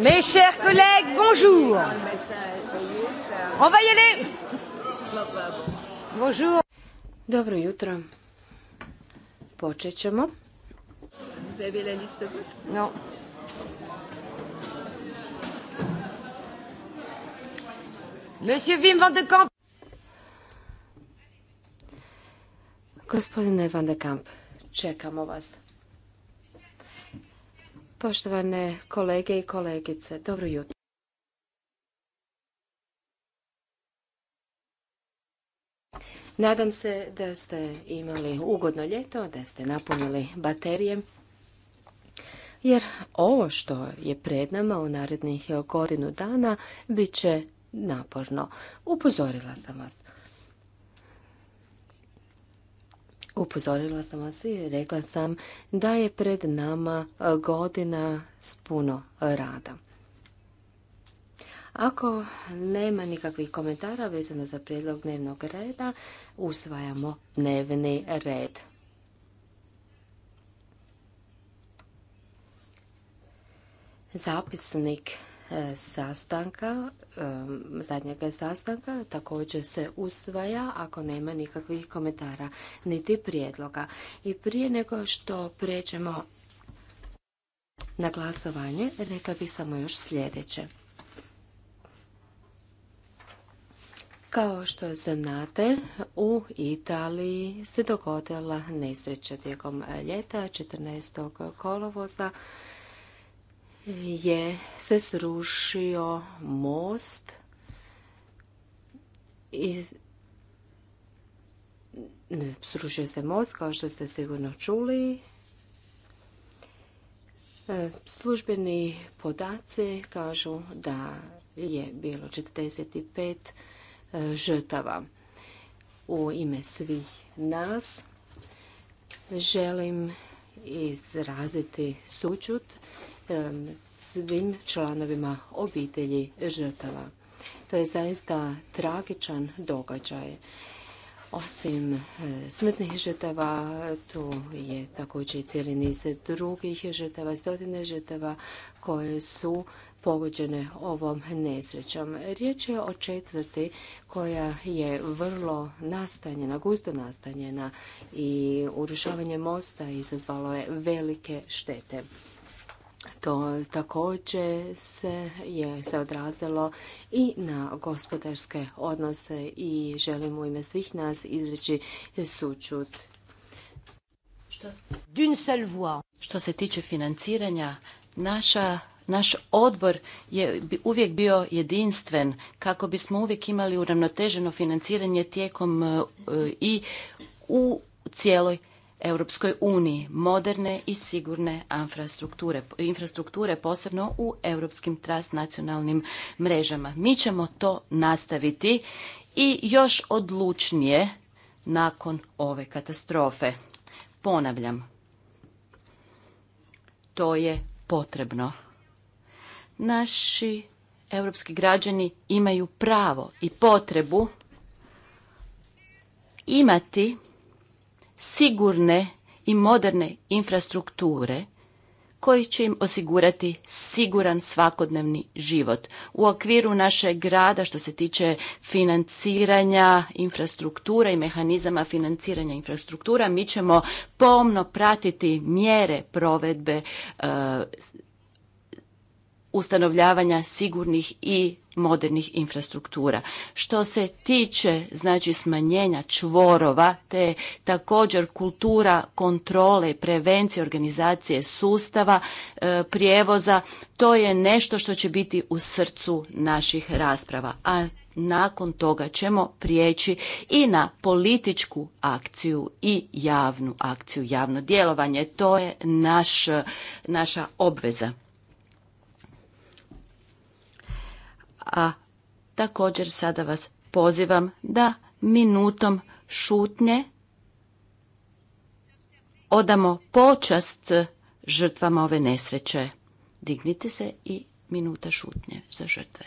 Mes chers collègues, bonjour. On va y aller. Bonjour. Dobro jutro. Počet ćemo. Vous avez la liste Non. Monsieur Wim van de Kamp. Gospodine van de Kamp, čekamo vas. Poštovane kolege i kolegice, dobro jutro. Nadam se da ste imali ugodno ljeto, da ste napunili baterije. Jer ovo što je pred nama u narednih godinu dana bit će naporno. Upozorila sam vas. Upozorila sam vas i rekla sam da je pred nama e, godina s puno rada. Ako nema nikakvih komentara vezano za prijedlog dnevnog reda, usvajamo dnevni red. Zapisnik E, sastanka, e, zadnjeg sastanka, također se usvaja ako nema nikakvih komentara niti prijedloga. I prije nego što pređemo na glasovanje, rekla bih samo još sljedeće. Kao što znate, u Italiji se dogodila nesreća tijekom ljeta 14. kolovoza je se srušio most iz srušio se most, kao što ste sigurno čuli. E, službeni podaci kažu da je bilo 45 e, žrtava. U ime svih nas želim izraziti sućut svim članovima obitelji žrtava. To je zaista tragičan događaj. Osim e, smrtnih žrtava, tu je također i cijeli niz drugih žrtava, stotine žrtava koje su pogođene ovom nesrećom. Riječ je o četvrti koja je vrlo nastanjena, gusto nastanjena i urušavanje mosta izazvalo je velike štete. To također se je se odrazilo i na gospodarske odnose i želim u ime svih nas izreći sučut. Što se tiče financiranja, naša naš odbor je uvijek bio jedinstven kako bismo uvijek imali uravnoteženo financiranje tijekom e, i u cijeloj Europskoj uniji, moderne i sigurne infrastrukture, infrastrukture posebno u europskim transnacionalnim mrežama. Mi ćemo to nastaviti i još odlučnije nakon ove katastrofe. Ponavljam, to je potrebno. Naši europski građani imaju pravo i potrebu imati sigurne i moderne infrastrukture koji će im osigurati siguran svakodnevni život. U okviru našeg grada što se tiče financiranja infrastruktura i mehanizama financiranja infrastruktura mi ćemo pomno pratiti mjere provedbe e, ustanovljavanja sigurnih i modernih infrastruktura. Što se tiče znači smanjenja čvorova te također kultura kontrole, prevencije, organizacije sustava, e, prijevoza, to je nešto što će biti u srcu naših rasprava. A nakon toga ćemo prijeći i na političku akciju i javnu akciju, javno djelovanje. To je naš, naša obveza. a također sada vas pozivam da minutom šutnje odamo počast žrtvama ove nesreće. Dignite se i minuta šutnje za žrtve.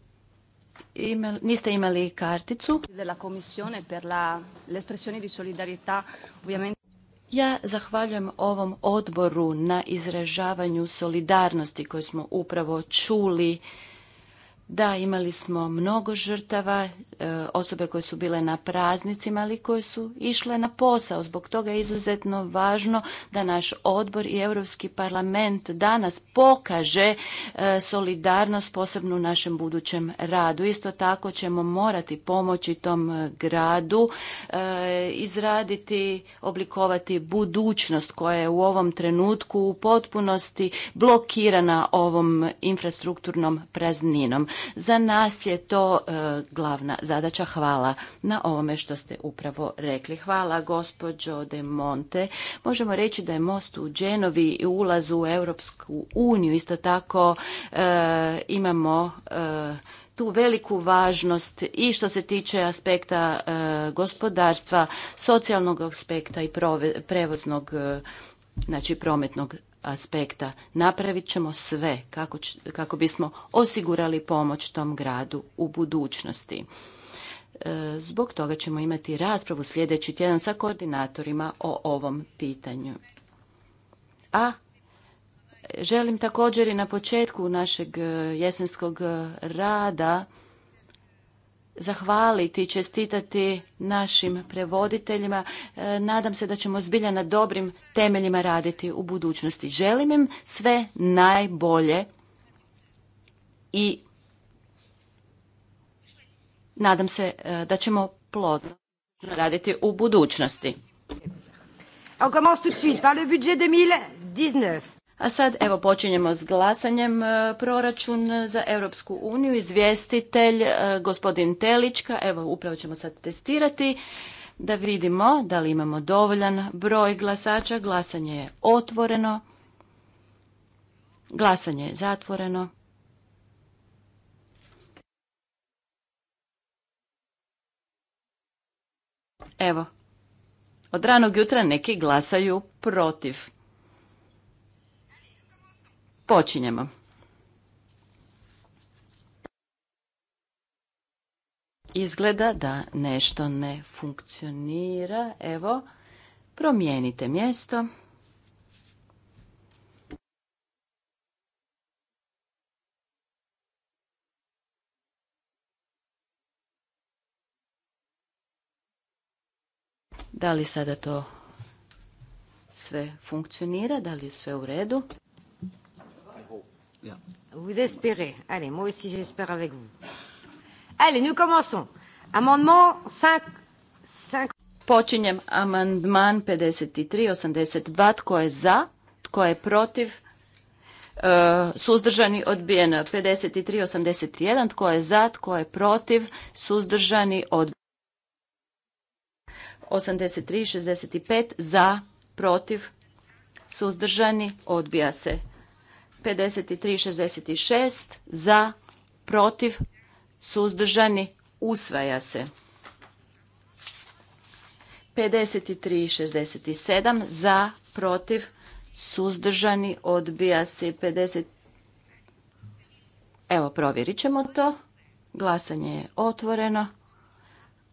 niste imali karticu. Ja zahvaljujem ovom odboru na izražavanju solidarnosti koju smo upravo čuli da, imali smo mnogo žrtava, e, osobe koje su bile na praznicima, ali koje su išle na posao. Zbog toga je izuzetno važno da naš odbor i Europski parlament danas pokaže e, solidarnost posebno u našem budućem radu. Isto tako ćemo morati pomoći tom e, gradu izraditi, oblikovati budućnost koja je u ovom trenutku u potpunosti blokirana ovom infrastrukturnom prazninom. Za nas je to e, glavna zadaća. Hvala na ovome što ste upravo rekli. Hvala gospođo De Monte. Možemo reći da je most u Dženovi i ulaz u Europsku uniju. Isto tako e, imamo e, tu veliku važnost i što se tiče aspekta gospodarstva, socijalnog aspekta i prevoznog, znači prometnog aspekta. Napravit ćemo sve kako, kako bismo osigurali pomoć tom gradu u budućnosti. E, zbog toga ćemo imati raspravu sljedeći tjedan sa koordinatorima o ovom pitanju. A želim također i na početku našeg e, jesenskog e, rada zahvaliti i čestitati našim prevoditeljima. E, nadam se da ćemo zbilja na dobrim temeljima raditi u budućnosti. Želim im sve najbolje i nadam se e, da ćemo plodno raditi u budućnosti. On tout de suite par le budget 2019. A sad evo počinjemo s glasanjem e, proračun za Europsku uniju. Izvjestitelj e, gospodin Telička, evo upravo ćemo sad testirati da vidimo da li imamo dovoljan broj glasača. Glasanje je otvoreno. Glasanje je zatvoreno. Evo, od ranog jutra neki glasaju protiv. Počinjemo. Izgleda da nešto ne funkcionira. Evo, promijenite mjesto. Da li sada to sve funkcionira? Da li je sve u redu? Yeah. Vous espérez. Allez, moi aussi j'espère avec vous. Allez, nous commençons. Amendement 5. 5. Počinjem amandman 53.82. Tko je za? Tko je protiv? E, suzdržani odbijen 53.81. Tko je za? Tko je protiv? Suzdržani odbijen. 83.65. Za? Protiv? Suzdržani odbija se. 53-66 za, protiv, suzdržani, usvaja se. 53-67 za, protiv, suzdržani, odbija se. 50... Evo, provjerit ćemo to. Glasanje je otvoreno.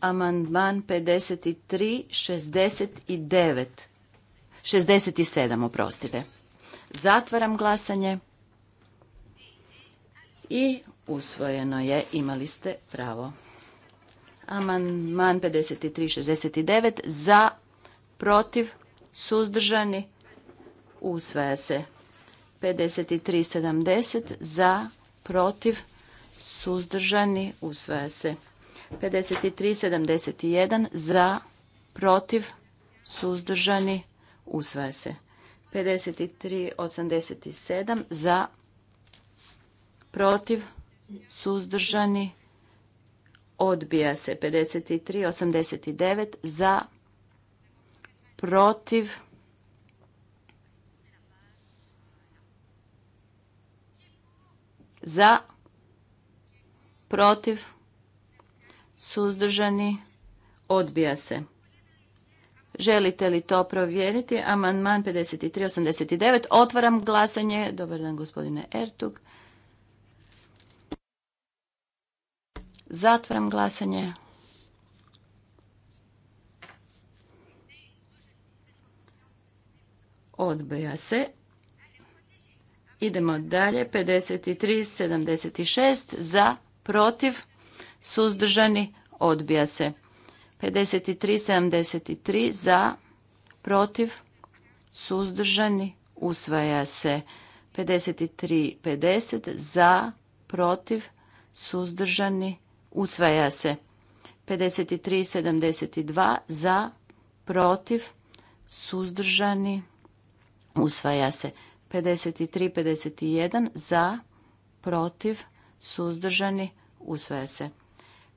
Amandman 53-69. 67, oprostite. Zatvaram glasanje. I usvojeno je, imali ste pravo. Amandman 5369 za, protiv, suzdržani, usvaja se. 5370 za, protiv, suzdržani, usvaja se. 5371 za, protiv, suzdržani, usvaja se. 53.87 za protiv suzdržani odbija se 53.89 za protiv za protiv suzdržani odbija se Želite li to provjeriti? Amandman 53.89. Otvaram glasanje. Dobar dan, gospodine Ertug. Zatvaram glasanje. Odbija se. Idemo dalje. 53.76. Za, protiv, suzdržani, odbija se. 53-73 za, protiv, suzdržani, usvaja se. 53-50 za, protiv, suzdržani, usvaja se. 53-72 za, protiv, suzdržani, usvaja se. 53-51 za, protiv, suzdržani, usvaja se.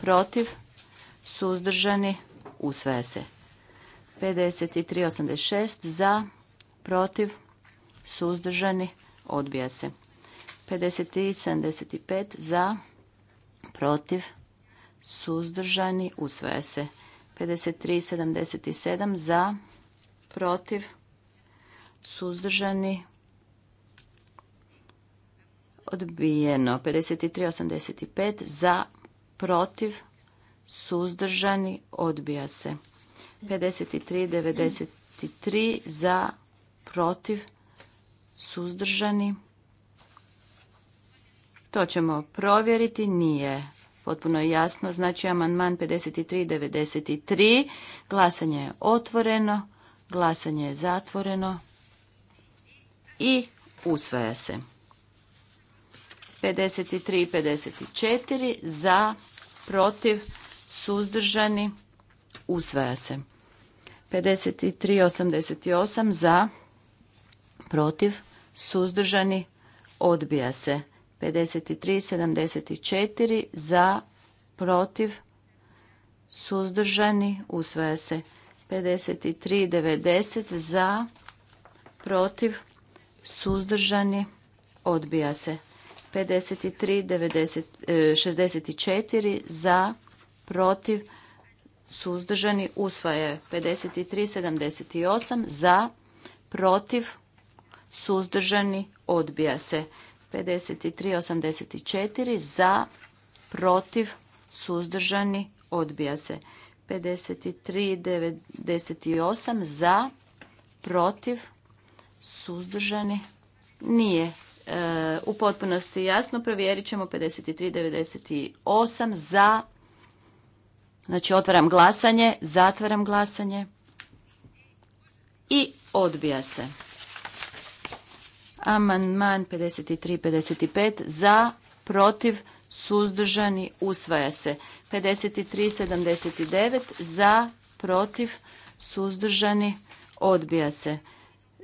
protiv, suzdržani, usvaja se. 53,86 za, protiv, suzdržani, odbija se. 53,75 za, protiv, suzdržani, usvaja se. 53,77 za, protiv, suzdržani, odbijeno. 53,85 za, protiv, suzdržani, odbija se. 53, 93 za, protiv, suzdržani. To ćemo provjeriti, nije potpuno jasno. Znači, amandman 53, 93, glasanje je otvoreno, glasanje je zatvoreno i usvaja se. 53 i 54 za, protiv, suzdržani, usvaja se. 53 88 za, protiv, suzdržani, odbija se. 53 74 za, protiv, suzdržani, usvaja se. 53 90 za, protiv, suzdržani, odbija se. 53, 64 e, za, protiv, suzdržani, usvaja 53, 78 za, protiv, suzdržani, odbija se 53, 84 za, protiv, suzdržani, odbija se 53, 98 za, protiv, suzdržani, nije u potpunosti jasno. Provjerit ćemo 53.98 za. Znači otvaram glasanje, zatvaram glasanje i odbija se. Amandman 53.55 za, protiv, suzdržani, usvaja se. 53.79 za, protiv, suzdržani, odbija se.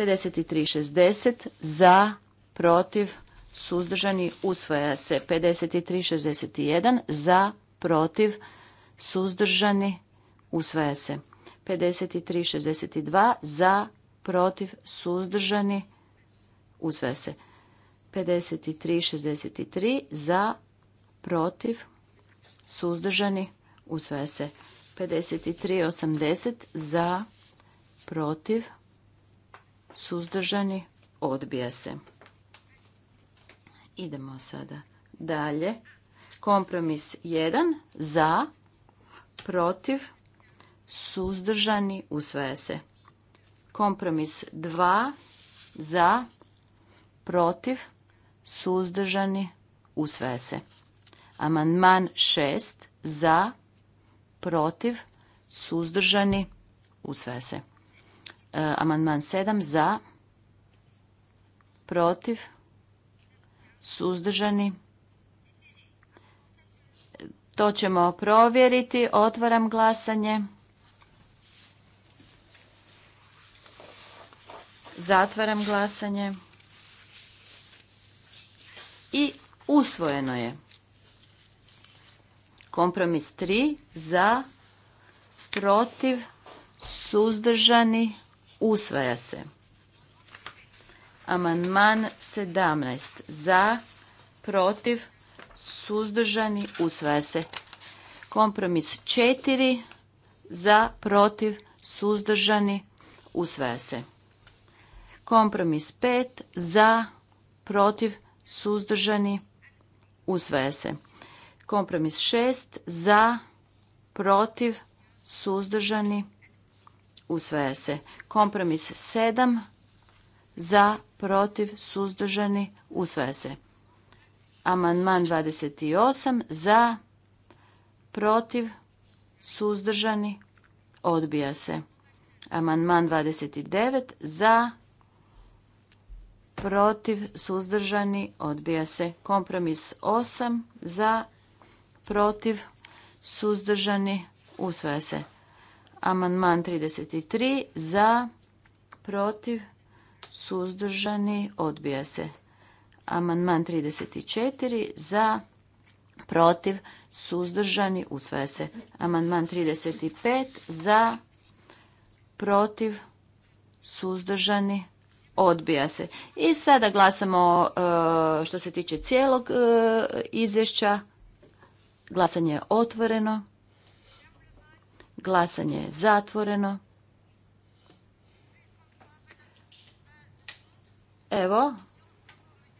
53.60 za, protiv, suzdržani, usvaja se. 53.61 za, protiv, suzdržani, usvaja se. 53.62 za, protiv, suzdržani, usvaja se. 53.63 za, protiv, suzdržani, usvaja se. 53.80 za, protiv, suzdržani, suzdržani, odbija se. Idemo sada dalje. Kompromis 1 za, protiv, suzdržani, usvaja se. Kompromis 2 za, protiv, suzdržani, usvaja se. Amandman 6 za, protiv, suzdržani, usvaja se. E, amandman 7 za, protiv, suzdržani. To ćemo provjeriti. Otvaram glasanje. Zatvaram glasanje. I usvojeno je. Kompromis 3 za, protiv, suzdržani. Usvaja se. Amandman 17. Za, protiv, suzdržani, usvaja se. Kompromis 4. Za, protiv, suzdržani, usvaja se. Kompromis 5. Za, protiv, suzdržani, usvaja se. Kompromis 6. Za, protiv, suzdržani, usvaja se usvaja se. Kompromis 7 za, protiv, suzdržani, usvaja se. Amandman 28 za, protiv, suzdržani, odbija se. Amandman 29 za, protiv, suzdržani, odbija se. Kompromis 8 za, protiv, suzdržani, usvaja se. Amandman 33 za, protiv, suzdržani, odbija se. Amandman 34 za, protiv, suzdržani, usvaja se. Amandman 35 za, protiv, suzdržani, odbija se. I sada glasamo e, što se tiče cijelog e, izvješća. Glasanje je otvoreno. Glasanje je zatvoreno. Evo,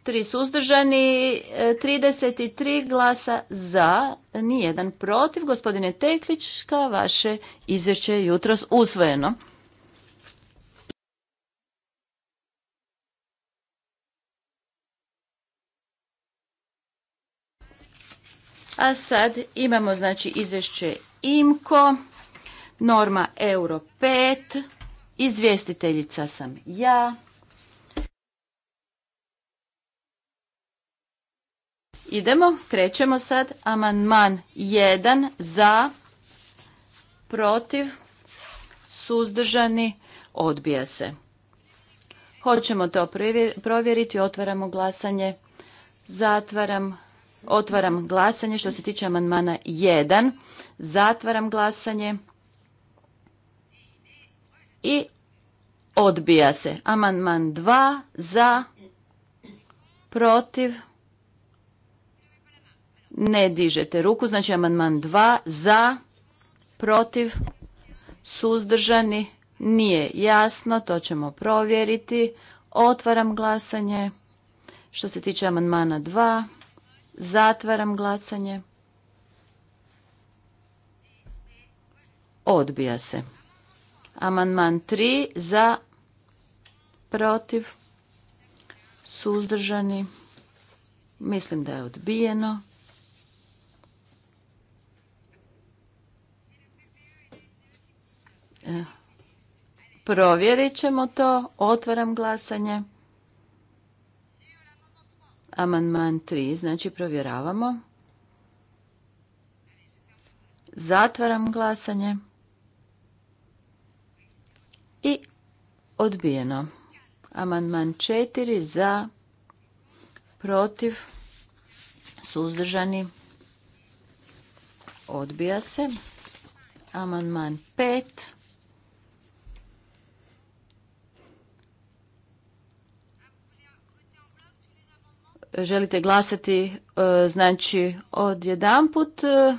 tri suzdržani, 33 e, glasa za, nijedan protiv. Gospodine Teklička, vaše izvješće je jutros usvojeno. A sad imamo znači izvješće IMKO norma Euro 5, izvjestiteljica sam ja. Idemo, krećemo sad. Amandman 1 za, protiv, suzdržani, odbija se. Hoćemo to provjeriti, otvaramo glasanje, zatvaram, otvaram glasanje što se tiče amandmana 1, zatvaram glasanje i odbija se. Amandman 2 za, protiv, ne dižete ruku, znači amandman 2 za, protiv, suzdržani, nije jasno, to ćemo provjeriti. Otvaram glasanje. Što se tiče amandmana 2, zatvaram glasanje. Odbija se. Amandman 3 za protiv suzdržani. Mislim da je odbijeno. E, provjerit ćemo to. Otvaram glasanje. Amandman 3, znači provjeravamo. Zatvaram glasanje i odbijeno. Amandman četiri za, protiv, suzdržani, odbija se. Amandman pet. želite glasati e, znači od put e,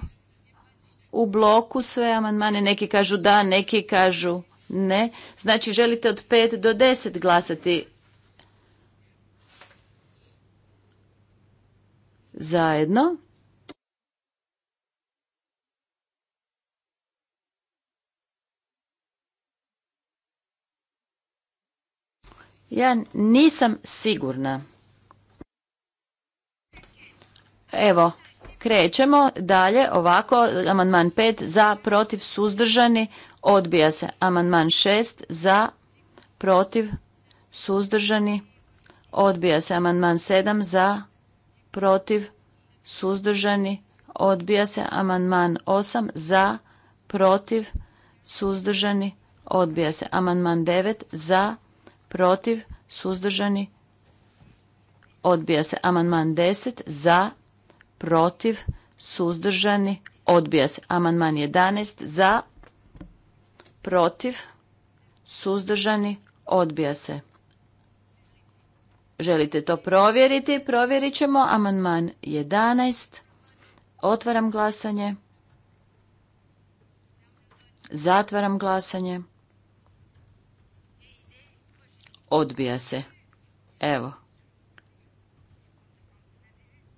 u bloku sve amandmane. Neki kažu da, neki kažu ne. Znači želite od 5 do 10 glasati zajedno. Ja nisam sigurna. Evo, krećemo dalje ovako, amandman 5 za, protiv, suzdržani, Odbija se amandman 6 za, protiv, suzdržani. Odbija se amandman 7 za, protiv, suzdržani. Odbija se amandman 8 za, protiv, suzdržani. Odbija se amandman 9 za, protiv, suzdržani. Odbija se amandman 10 za, protiv, suzdržani. Odbija se amandman 11 za, protiv, suzdržani, odbija se. Želite to provjeriti? Provjerit ćemo amandman 11. Otvaram glasanje. Zatvaram glasanje. Odbija se. Evo.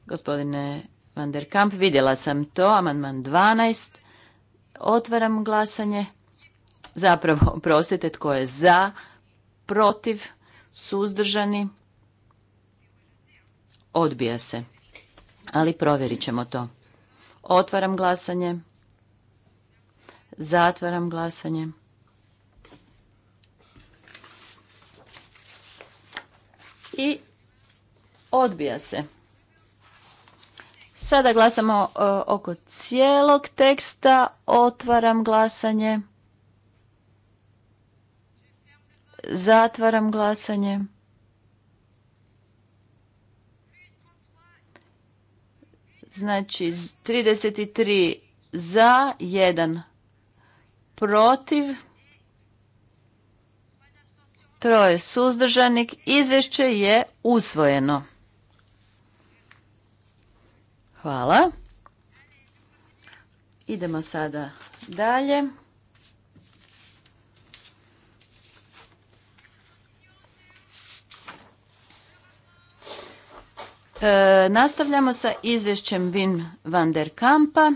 Gospodine Van der Kamp, vidjela sam to. Amandman 12. Otvaram glasanje zapravo, prostite, tko je za, protiv, suzdržani, odbija se. Ali provjerit ćemo to. Otvaram glasanje. Zatvaram glasanje. I odbija se. Sada glasamo e, oko cijelog teksta. Otvaram glasanje. Zatvaram glasanje. Znači 33 za, 1 protiv, troje suzdržanik. Izvješće je usvojeno. Hvala. Idemo sada dalje. E, nastavljamo sa izvješćem Vin van der Kampa.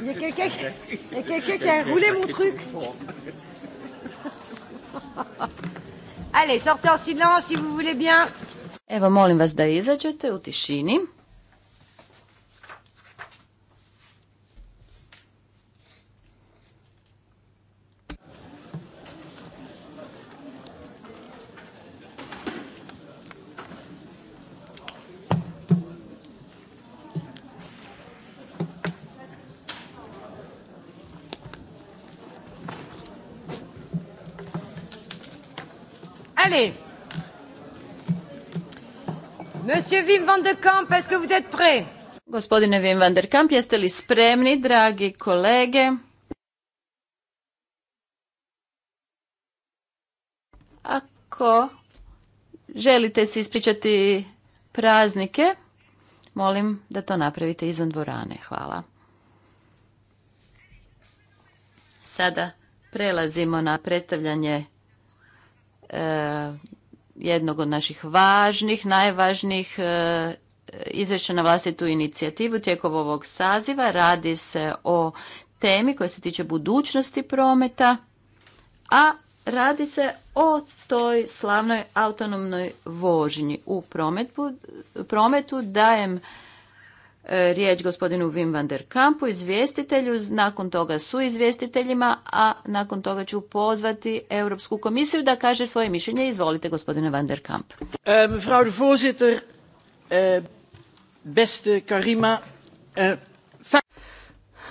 Il y a quelqu'un qui, quelqu qui a roulé mon truc. Allez, sortez en silence si vous voulez bien. Evo, molim vas da izađete u tišini. Allez. Monsieur Wim van der Kamp, est-ce que vous êtes prêt? Gospodine Wim van der Kamp, jeste li spremni, dragi kolege? Ako želite se ispričati praznike, molim da to napravite izvan dvorane. Hvala. Sada prelazimo na predstavljanje E, jednog od naših važnih, najvažnijih e, izvješća na vlastitu inicijativu tijekom ovog saziva. Radi se o temi koja se tiče budućnosti prometa, a radi se o toj slavnoj autonomnoj vožnji u prometu. Dajem riječ gospodinu Wim van der Kampu, izvjestitelju, nakon toga su izvjestiteljima, a nakon toga ću pozvati Europsku komisiju da kaže svoje mišljenje. Izvolite gospodine van der Kamp. Eh, mevrouw de voorzitter, eh, beste Karima, eh,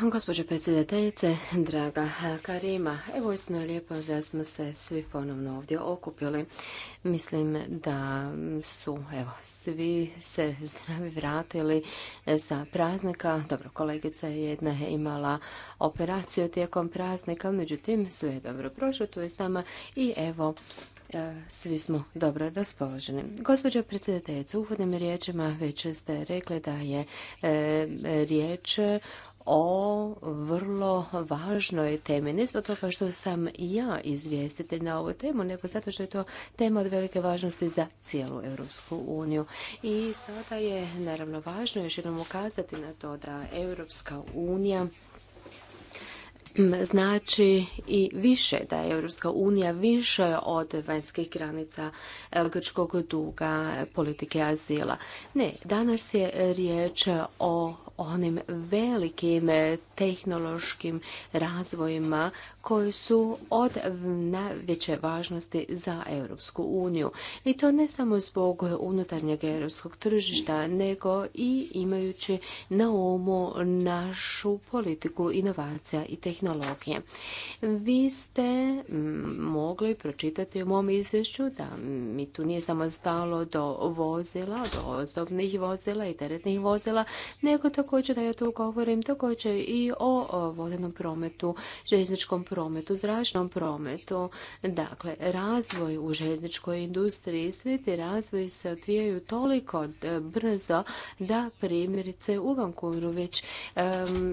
Gospođo predsjedateljice, draga Karima, evo istino je lijepo da smo se svi ponovno ovdje okupili. Mislim da su evo, svi se zdravi vratili sa praznika. Dobro, kolegica jedna je imala operaciju tijekom praznika, međutim sve je dobro prošlo, tu je s nama i evo e, svi smo dobro raspoloženi. Gospođo predsjedateljice, uvodnim riječima već ste rekli da je e, riječ o vrlo važnoj temi. Ne zbog toga što sam ja izvjestitelj na ovu temu, nego zato što je to tema od velike važnosti za cijelu Europsku uniju. I sada je naravno važno još jednom ukazati na to da Europska unija znači i više, da je Europska unija više od vanjskih granica eh, grčkog duga politike azila. Ne, danas je riječ o onim velikim eh, tehnološkim razvojima koji su od najveće važnosti za Europsku uniju. I to ne samo zbog unutarnjeg europskog tržišta, nego i imajući na umu našu politiku inovacija i tehnologije. Vi ste mm, mogli pročitati u mom izvješću da mi tu nije samo stalo do vozila, do ozdobnih vozila i teretnih vozila, nego to također da ja tu govorim također i o vodenom prometu, željezničkom prometu, zračnom prometu. Dakle, razvoj u željezničkoj industriji, svi ti se otvijaju toliko e, brzo da primjerice u Vancouveru već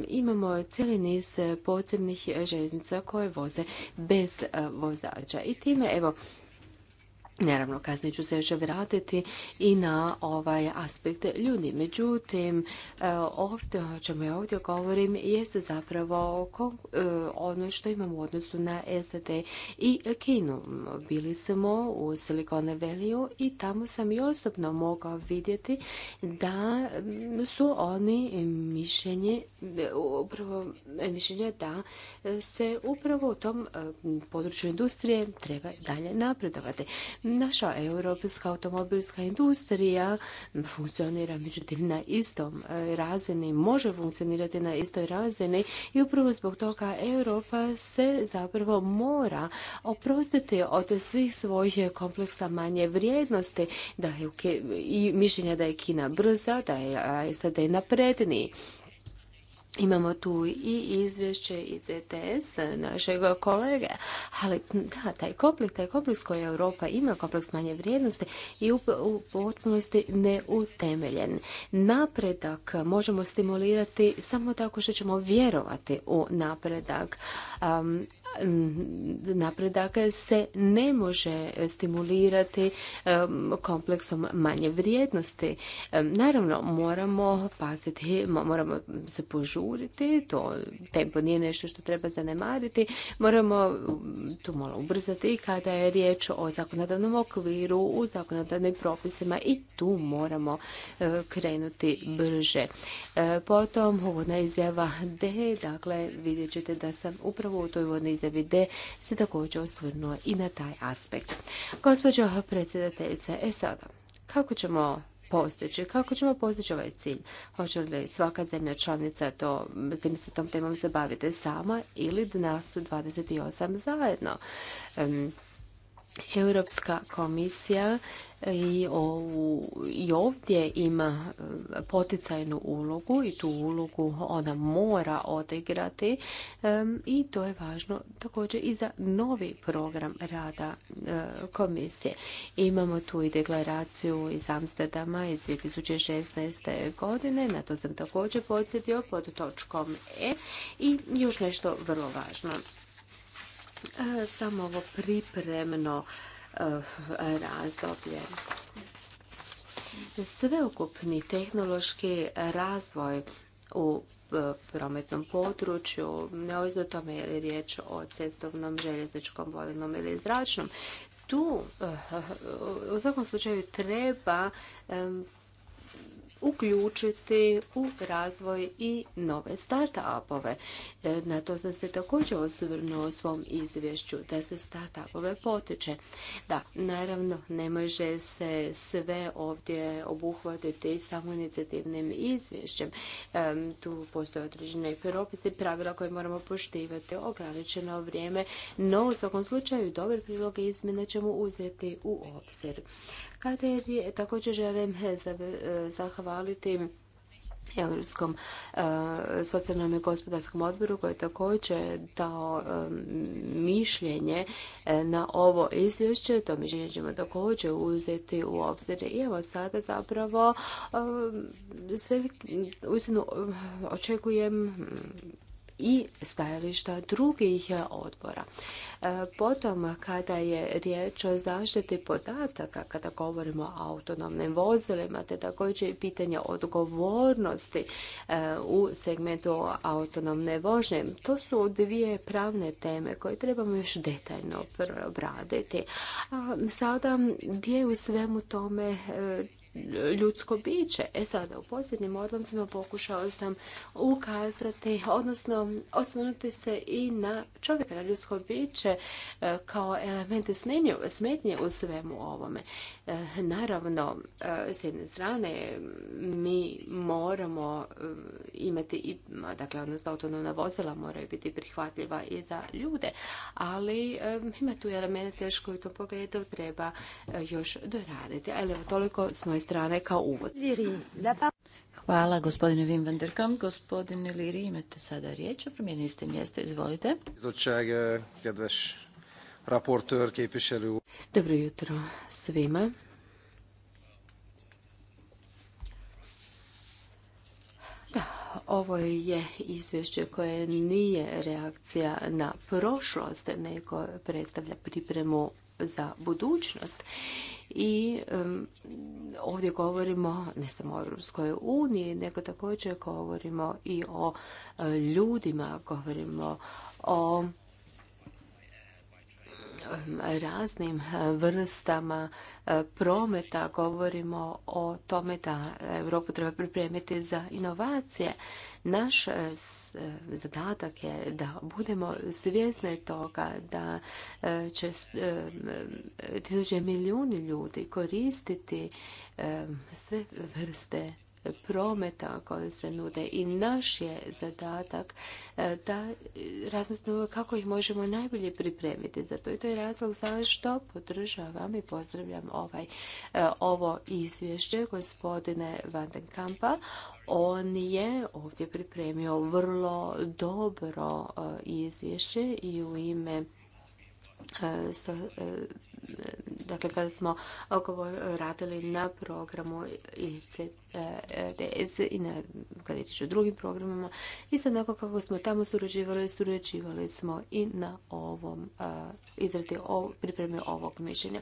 imamo cijeli niz podzemnih željeznica koje voze bez e, vozača. I time, evo, Naravno, kasnije ću se još vratiti i na ovaj aspekt ljudi. Međutim, e, ovdje, o čemu ja ovdje govorim, jeste zapravo e, ono što imamo u odnosu na SAD i Kinu. Bili smo u Silicon Valley i tamo sam i osobno mogao vidjeti da su oni mišljenje, upravo mišljenje da se upravo u tom e, području industrije treba dalje napredovati. Naša europska automobilska industrija funkcionira međutim na istom e, razini, može funkcionirati na istoj razini i upravo zbog toga Europa se zapravo mora oprostiti od svih svojih kompleksa manje vrijednosti da je, i mišljenja da je Kina brza, da je SAD napredniji. Imamo tu i izvješće i CTS našeg kolege, ali da, taj kompleks, taj kompleks koji Europa ima, kompleks manje vrijednosti i u, u potpunosti neutemeljen. Napredak možemo stimulirati samo tako što ćemo vjerovati u napredak. Um, Mm, napredak se ne može stimulirati kompleksom manje vrijednosti. Naravno, moramo paziti, moramo se požuriti, to tempo nije nešto što treba zanemariti, moramo mm, tu malo ubrzati kada je riječ o zakonodavnom okviru, u zakonodavnim propisima i tu moramo e, krenuti brže. E, potom uvodna izjava D, dakle vidjet ćete da sam upravo u toj uvodnoj izjavi Vide se također osvrnuo i na taj aspekt. Gospođo predsjedateljice, e sada, kako ćemo postići? Kako ćemo postići ovaj cilj? Hoće li svaka zemlja članica to, tim se tom temom zabaviti sama ili nas 28 zajedno? Europska komisija e, i ovdje ima e, poticajnu ulogu i tu ulogu ona mora odigrati e, i to je važno također i za novi program rada komisije. Imamo tu i deklaraciju iz Amsterdama iz 2016. godine, na to sam također podsjetio pod točkom E i još nešto vrlo važno. E, samo ovo pripremno e, razdoblje. Sveukupni tehnološki razvoj u e, prometnom području, neovisno o tome je li riječ o cestovnom, željezničkom, vodnom ili zračnom, tu u svakom slučaju treba uključiti u razvoj i nove start-upove. E, na to sam se također osvrnuo u svom izvješću da se start-upove potiče. Da, naravno, ne može se sve ovdje obuhvatiti samo inicijativnim izvješćem. E, tu postoje određene propise pravila koje moramo poštivati ograničeno vrijeme, no u svakom slučaju dobre priloge izmjene ćemo uzeti u obzir. Kada je, također želim e, zahvaliti e, Europskom e, socijalnom i gospodarskom odboru koji je također dao mišljenje na ovo izvješće. To mišljenje ćemo također uzeti u obzir. I evo sada zapravo sve uistinu očekujem i stajališta drugih odbora. E, potom, kada je riječ o zaštiti podataka, kada govorimo o autonomnim vozilima, te također i pitanje odgovornosti e, u segmentu autonomne vožnje, to su dvije pravne teme koje trebamo još detaljno obraditi. sada, gdje u svemu tome e, ljudsko biće. E sada, u posljednjim odlomcima pokušao sam ukazati, odnosno osvrnuti se i na čovjeka, na ljudsko biće e, kao elemente smetnje u svemu ovome. Naravno, e, s jedne strane mi moramo e, imati, dakle, odnosno autonomna vozila moraju biti prihvatljiva i za ljude, ali e, ima tu elemente teško i to pogledu treba još doraditi. Ali toliko s moje strane kao uvod. Hvala gospodine Wim van der Kam. Gospodine Liri, imate sada riječ, promijenili ste mjesto, izvolite. Zočar, dobro jutro svima. ovo je izvješće koje nije reakcija na prošlost, nego predstavlja pripremu za budućnost. I ovdje govorimo ne samo o Europskoj uniji, nego također govorimo i o e, ljudima, govorimo o raznim e, vrstama e, prometa, govorimo o tome da Europu treba pripremiti za inovacije. Naš e, zadatak je da budemo svjesni toga da će tisuće milijuni ljudi koristiti sve vrste prometa koje se nude i naš je zadatak e, da razmislimo kako ih možemo najbolje pripremiti za to i to je razlog zašto podržavam i pozdravljam ovaj, e, ovo izvješće gospodine kampa on je ovdje pripremio vrlo dobro e, izvješće i u ime dakle kada smo radili na programu ICT DS e, i na, kada je o drugim programama. Isto tako kako smo tamo surađivali, surađivali smo i na ovom e, izradi pripreme ovog mišljenja.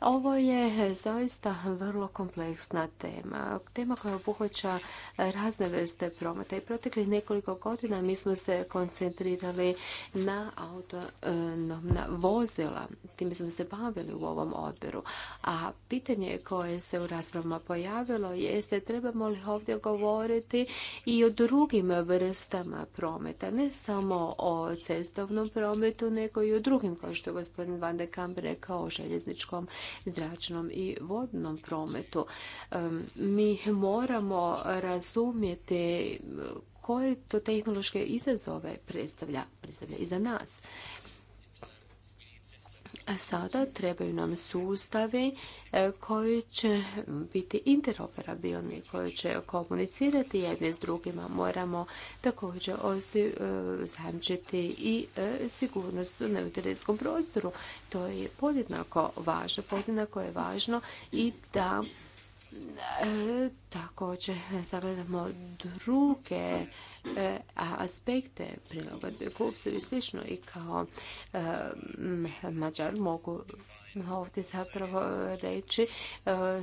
Ovo je zaista vrlo kompleksna tema. Tema koja obuhvaća razne vrste prometa i proteklih nekoliko godina mi smo se koncentrirali na autonomna vozila. Tim smo se bavili u ovom odboru. A pitanje koje se u raspravama pojavilo jeste trebamo li ovdje govoriti i o drugim vrstama prometa, ne samo o cestovnom prometu, nego i o drugim, kao što je gospodin Van de Kamp rekao, o željezničkom, zračnom i vodnom prometu. Mi moramo razumjeti koje to tehnološke izazove predstavlja, predstavlja i za nas. A sada trebaju nam sustavi e, koji će biti interoperabilni, koji će komunicirati jedni s drugima. Moramo također e, zajamčiti i e, sigurnost na internetskom prostoru. To je podjednako važno, podjednako je važno i da također zagledamo druge E, aspekte prilagodbe kupcu i slično i kao mađar mogu ovdje zapravo reći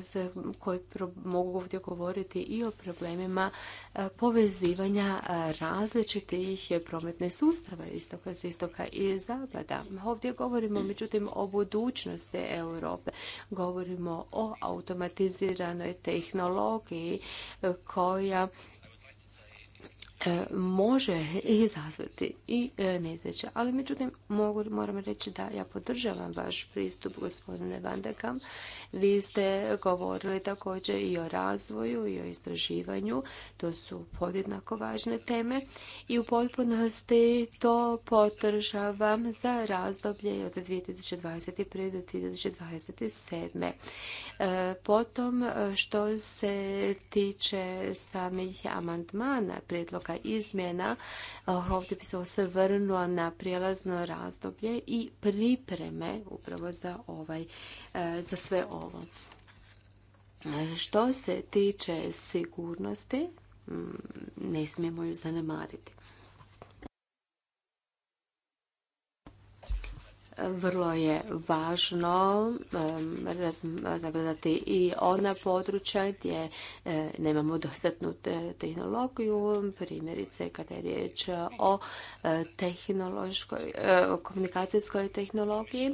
e, koji mogu ovdje govoriti i o problemima e, povezivanja različitih prometnih sustava istoka, s istoka i zapada. Ovdje govorimo međutim o budućnosti Europe. Govorimo o automatiziranoj tehnologiji koja E, može izazvati i znači. Ali međutim, moram reći da ja podržavam vaš pristup, gospodine Vandekam. Vi ste govorili također i o razvoju i o istraživanju. To su podjednako važne teme i u potpunosti to podržavam za razdoblje od 2021. do 2027. Potom, što se tiče samih amandmana prijedlog izmjena, eh, ovdje bi se osvrnula na prijelazno razdoblje i pripreme upravo za, ovaj, eh, za sve ovo. Što se tiče sigurnosti, mm, ne smijemo ju zanemariti. vrlo je važno zagledati i ona područja gdje e, nemamo dostatnu tehnologiju, primjerice kada je riječ o e, tehnološkoj, e, komunikacijskoj tehnologiji.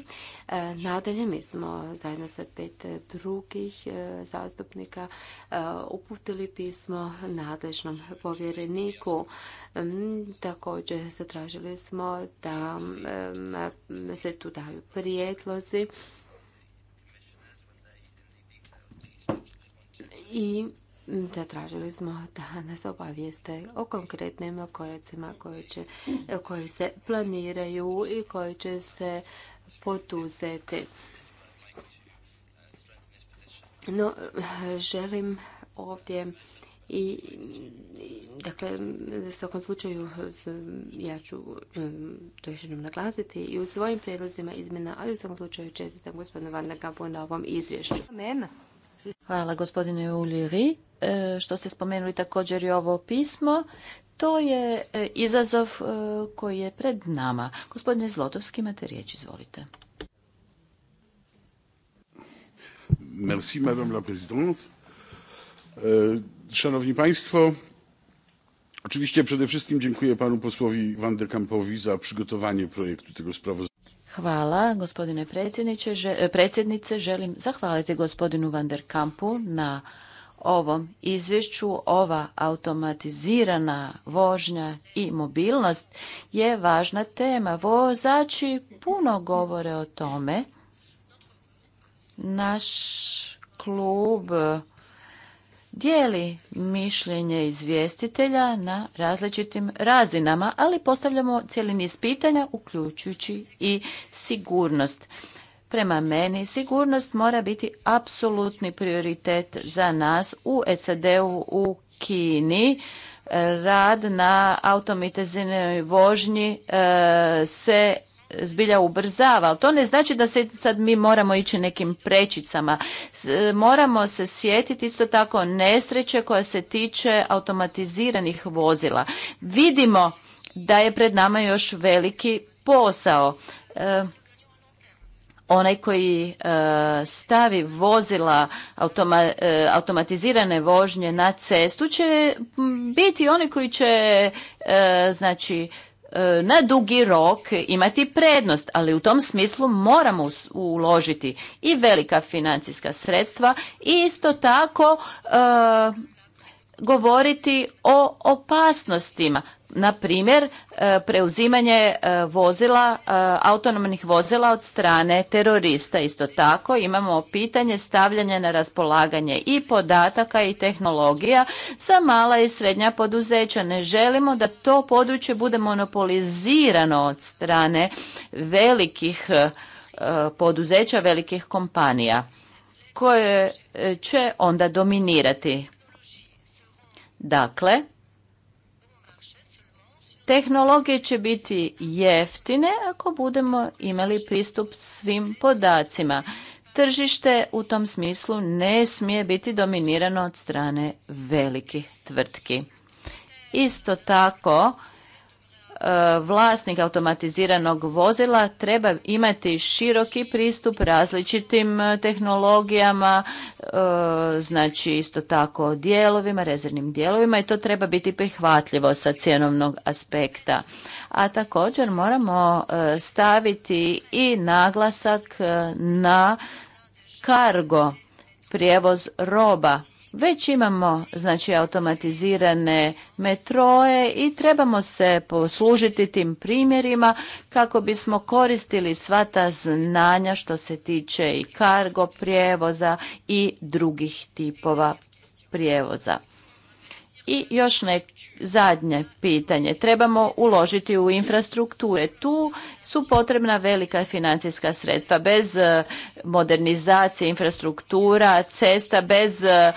Nadalje mi smo zajedno sa pet drugih zastupnika uputili pismo nadležnom povjereniku Također zatražili smo da se tu daju prijedlozi i zatražili smo da nas obavijeste o konkretnim koracima koji, se planiraju i koji će se poduzeti. No, želim ovdje i, dakle, u svakom slučaju ja ću to još jednom naglasiti i u svojim prijedlozima izmjena, ali u svakom slučaju čestitam gospodinu Van Kampu na ovom izvješću. Hvala gospodine Uljiri e, što ste spomenuli također i ovo pismo. To je e, izazov e, koji je pred nama. Gospodine Zlotovski, imate riječ, izvolite. Merci, madame la présidente. E, szanowni Państwo, oczywiście przede wszystkim dziękuję panu posłowi Van der Kampowi za przygotowanie projektu tego sprawozdania. Hvala, gospodine e, predsjednice, želim zahvaliti gospodinu Van der Kampu na ovom izvješću. Ova automatizirana vožnja i mobilnost je važna tema. Vozači puno govore o tome. Naš klub dijeli mišljenje izvjestitelja na različitim razinama, ali postavljamo cijeli niz pitanja, uključujući i sigurnost. Prema meni, sigurnost mora biti apsolutni prioritet za nas u SAD-u, u Kini. Rad na automitezinoj vožnji e, se zbilja ubrzava, ali to ne znači da se sad mi moramo ići nekim prečicama. E, moramo se sjetiti isto tako nesreće koja se tiče automatiziranih vozila. Vidimo da je pred nama još veliki posao. E, onaj koji e, stavi vozila automatizirane vožnje na cestu će biti oni koji će znači E, na dugi rok imati prednost, ali u tom smislu moramo uložiti i velika financijska sredstva i isto tako e, govoriti o opasnostima. Na primjer, e, preuzimanje e, vozila, e, autonomnih vozila od strane terorista. Isto tako imamo pitanje stavljanja na raspolaganje i podataka i tehnologija za mala i srednja poduzeća. Ne želimo da to područje bude monopolizirano od strane velikih poduzeća, velikih kompanija koje će onda dominirati Dakle, tehnologije će biti jeftine ako budemo imali pristup svim podacima. Tržište u tom smislu ne smije biti dominirano od strane velikih tvrtki. Isto tako, vlasnik automatiziranog vozila treba imati široki pristup različitim e, tehnologijama, e, znači isto tako dijelovima, rezervnim dijelovima i to treba biti prihvatljivo sa cjenovnog aspekta. A također moramo e, staviti i naglasak na kargo, prijevoz roba već imamo znači automatizirane metroje i trebamo se poslužiti tim primjerima kako bismo koristili sva ta znanja što se tiče i kargo prijevoza i drugih tipova prijevoza. I još nek zadnje pitanje. Trebamo uložiti u infrastrukture. Tu su potrebna velika financijska sredstva. Bez e, modernizacije infrastruktura, cesta, bez e,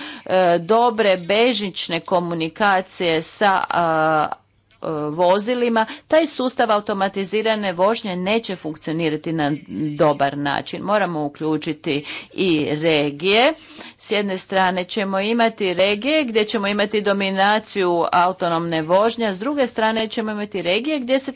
dobre bežnične komunikacije sa E, vozilima, taj sustav automatizirane vožnje neće funkcionirati na dobar način. Moramo uključiti i regije. S jedne strane ćemo imati regije gdje ćemo imati dominaciju autonomne vožnje, a s druge strane ćemo imati regije gdje se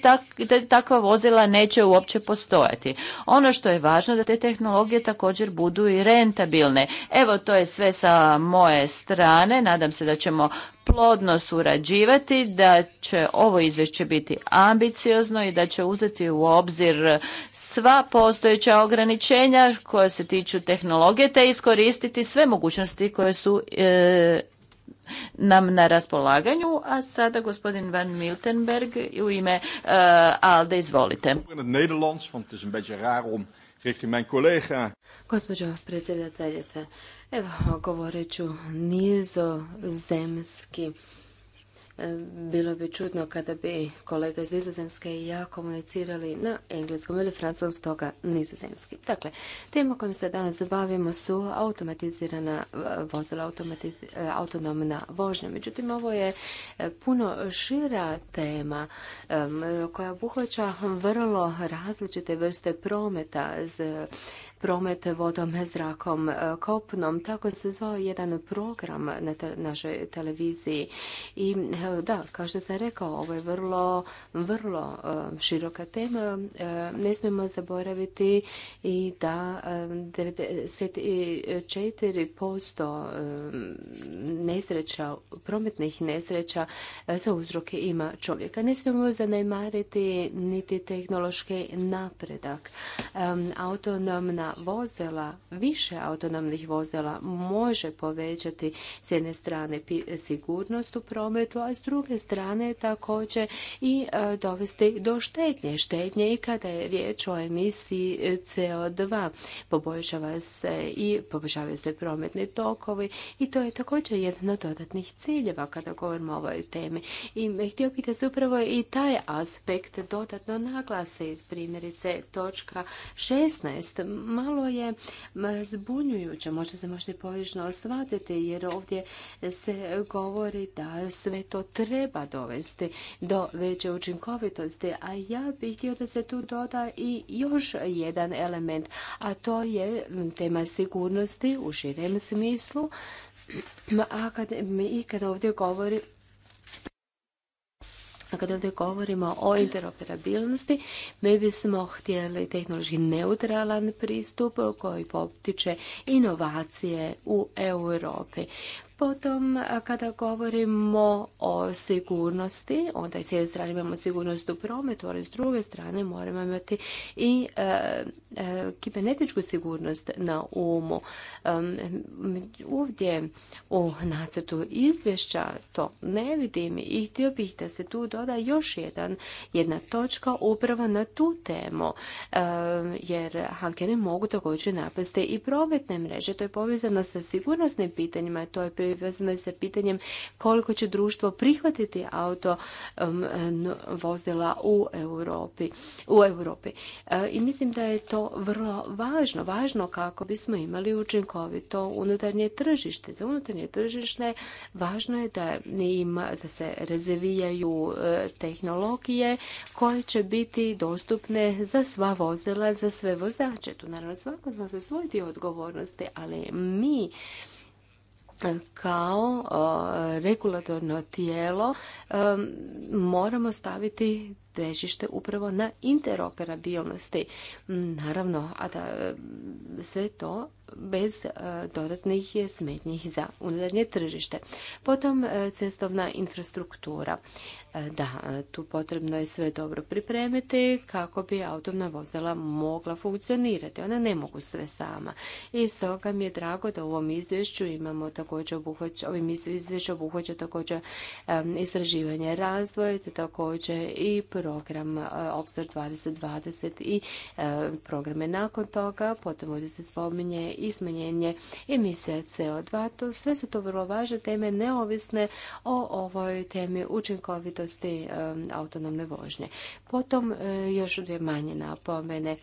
takva vozila neće uopće postojati. Ono što je važno da te tehnologije također budu i rentabilne. Evo to je sve sa moje strane. Nadam se da ćemo plodno surađivati, da će ovo izvješće biti ambiciozno i da će uzeti u obzir sva postojeća ograničenja koja se tiču tehnologije te iskoristiti sve mogućnosti koje su e, nam na raspolaganju. A sada gospodin Van Miltenberg u ime e, Alde, izvolite. Gospođo predsjedateljice, evo govorit ću nizozemski. Bilo bi čudno kada bi kolega iz Nizozemske i ja komunicirali na engleskom ili francuskom, stoga nizozemski. Dakle, tema kojom se danas bavimo su automatizirana eh, vozila, automatiz eh, autonomna vožnja. Međutim, ovo je eh, puno šira tema koja obuhvaća vrlo različite vrste prometa, promet vodom, zrakom, e, kopnom. Tako se zvao jedan program na te, našoj televiziji. I e, da, kao što sam rekao, ovo je vrlo, vrlo e, široka tema. Ne smijemo zaboraviti i da 94% nesreća, prometnih nesreća za uzroke ima čovjeka. Ne smijemo zanemariti niti tehnološki napredak. Autonomna vozila, više autonomnih vozila može povećati s jedne strane sigurnost u prometu, a s druge strane također i e, dovesti do štetnje. Štetnje i kada je riječ o emisiji CO2. Poboljšava se i poboljšavaju se prometni tokovi i to je također jedan od dodatnih ciljeva kada govorimo o ovoj temi. I htio bih da se upravo i taj aspekt dodatno naglasi. Primjerice točka 16 malo je zbunjujuće, možda se možda i povišno jer ovdje se govori da sve to treba dovesti do veće učinkovitosti, a ja bih htio da se tu doda i još jedan element, a to je tema sigurnosti u širem smislu, a i kad ovdje govori kada ovdje govorimo o interoperabilnosti, mi bismo htjeli tehnološki neutralan pristup koji potiče inovacije u Europi. Potom, kada govorimo o sigurnosti, onda s jedne strane imamo sigurnost u prometu, ali s druge strane moramo imati i e, e, kibernetičku sigurnost na umu. ovdje u nacrtu izvješća to ne vidim i htio bih da se tu doda još jedan, jedna točka upravo na tu temu, jer hakeri mogu također napasti i prometne mreže. To je povezano sa sigurnosnim pitanjima, to je pri vezano je sa pitanjem koliko će društvo prihvatiti auto um, vozila u Europi. U Europi. E, I mislim da je to vrlo važno, važno kako bismo imali učinkovito unutarnje tržište. Za unutarnje tržište važno je da, ima, da se razvijaju e, tehnologije koje će biti dostupne za sva vozila, za sve vozače. Tu naravno svakodno za svoj dio odgovornosti, ali mi kao regulatorno tijelo moramo staviti težište upravo na interoperabilnosti. Mm, naravno, a da e, sve to bez e, dodatnih smetnjih za unutarnje tržište. Potom e, cestovna infrastruktura. Da, tu potrebno je sve dobro pripremiti kako bi autobna vozila mogla funkcionirati. Ona ne mogu sve sama. I stoga mi je drago da u ovom izvješću imamo također obuhvaća, ovim izvješću obuhvaća također istraživanje razvoja, te također i program e, Obzor 2020 i e, programe nakon toga. Potom ovdje se spominje i smanjenje emisija CO2. To, sve su to vrlo važne teme, neovisne o ovoj temi učinkovitosti e, autonomne vožnje. Potom još dvije manje napomene.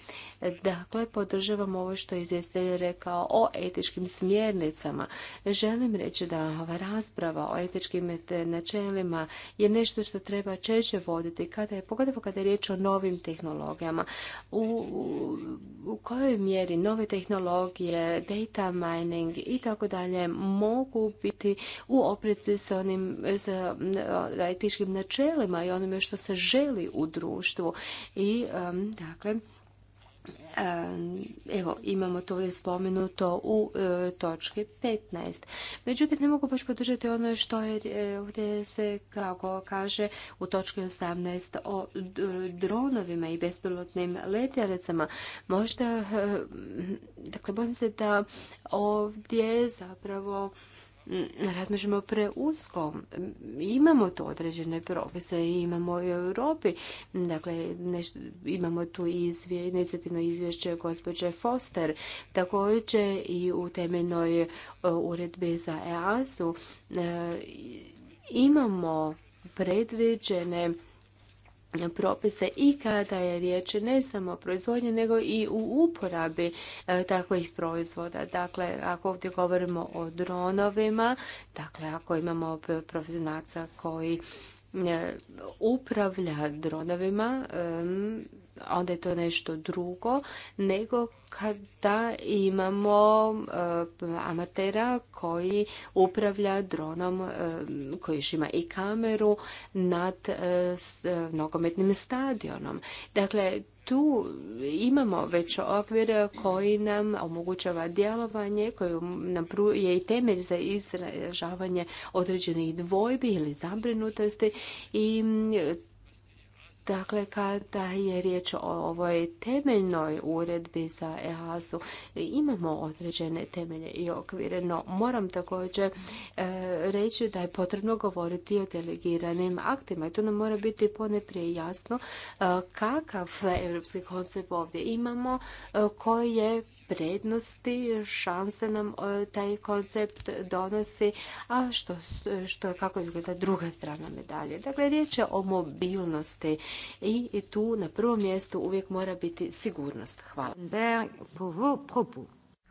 Dakle, podržavam ovo što je izvjestelj rekao o etičkim smjernicama. Želim reći da ova rasprava o etičkim načelima je nešto što treba češće voditi kada je pogotovo kada je riječ o novim tehnologijama. U, u kojoj mjeri nove tehnologije, data mining i tako dalje mogu biti u opreci sa onim e, etičkim načelima i onime što se želi u društvu. I, dakle, Evo, imamo to je spomenuto u e, točki 15. Međutim, ne mogu baš podržati ono što je e, ovdje se, kako kaže, u točki 18 o dronovima i bespilotnim letjelicama. Možda, e, dakle, bojim se da ovdje zapravo razmišljamo preusko. Imamo tu određene propise, imamo i u Europi. Dakle, imamo tu inicijativno izvješće gospođe Foster, također i u temeljnoj e, uredbi za EAS-u. E, imamo predviđene propise i kada je riječ ne samo o proizvodnji nego i u uporabi e, takvih proizvoda. Dakle, ako ovdje govorimo o dronovima, dakle ako imamo profesionalca koji e, upravlja dronovima, onda je to nešto drugo nego kada imamo e, amatera koji upravlja dronom e, koji još ima i kameru nad e, nogometnim stadionom. Dakle, tu imamo već okvir koji nam omogućava djelovanje, koji nam je i temelj za izražavanje određenih dvojbi ili zabrinutosti i Dakle, kada je riječ o ovoj temeljnoj uredbi za EAS-u, imamo određene temelje i okvire, no moram također e, reći da je potrebno govoriti o delegiranim aktima i to nam mora biti poneprije jasno e, kakav europski koncept ovdje imamo, e, koji je prednosti, šanse nam e, taj koncept donosi, a što, je, kako izgleda druga strana medalje. Dakle, riječ je o mobilnosti i tu na prvom mjestu uvijek mora biti sigurnost. Hvala.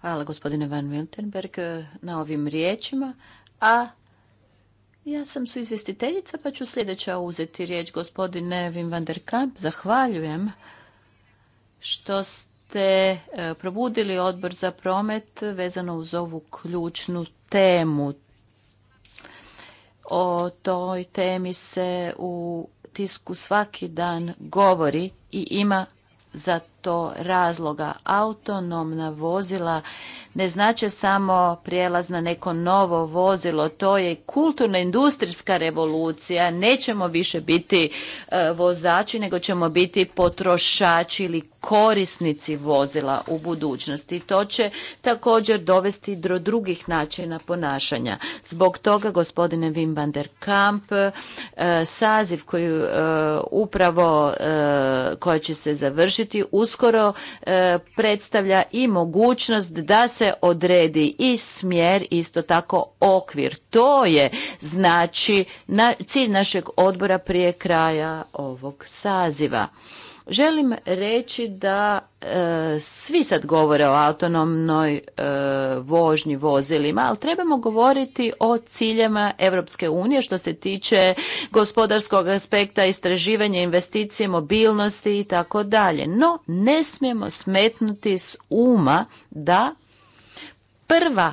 Hvala gospodine Van Miltenberg e, na ovim riječima, a ja sam su izvjestiteljica pa ću sljedeća uzeti riječ gospodine Wim van der Kamp. Zahvaljujem što ste ste e, probudili odbor za promet vezano uz ovu ključnu temu. O toj temi se u tisku svaki dan govori i ima za to razloga. Autonomna vozila ne znače samo prijelaz na neko novo vozilo, to je kulturno industrijska revolucija, nećemo više biti e, vozači, nego ćemo biti potrošači ili korisnici vozila u budućnosti. To će također dovesti do drugih načina ponašanja. Zbog toga, gospodine Wim van der Kamp, e, saziv koji e, upravo koja će se završiti u skoro e, predstavlja i mogućnost da se odredi i smjer, isto tako okvir. To je znači cilj našeg odbora prije kraja ovog saziva. Želim reći da e, svi sad govore o autonomnoj e, vožnji vozilima, ali trebamo govoriti o ciljama Europske unije što se tiče gospodarskog aspekta, istraživanja, investicije, mobilnosti i tako dalje. No, ne smijemo smetnuti s uma da prva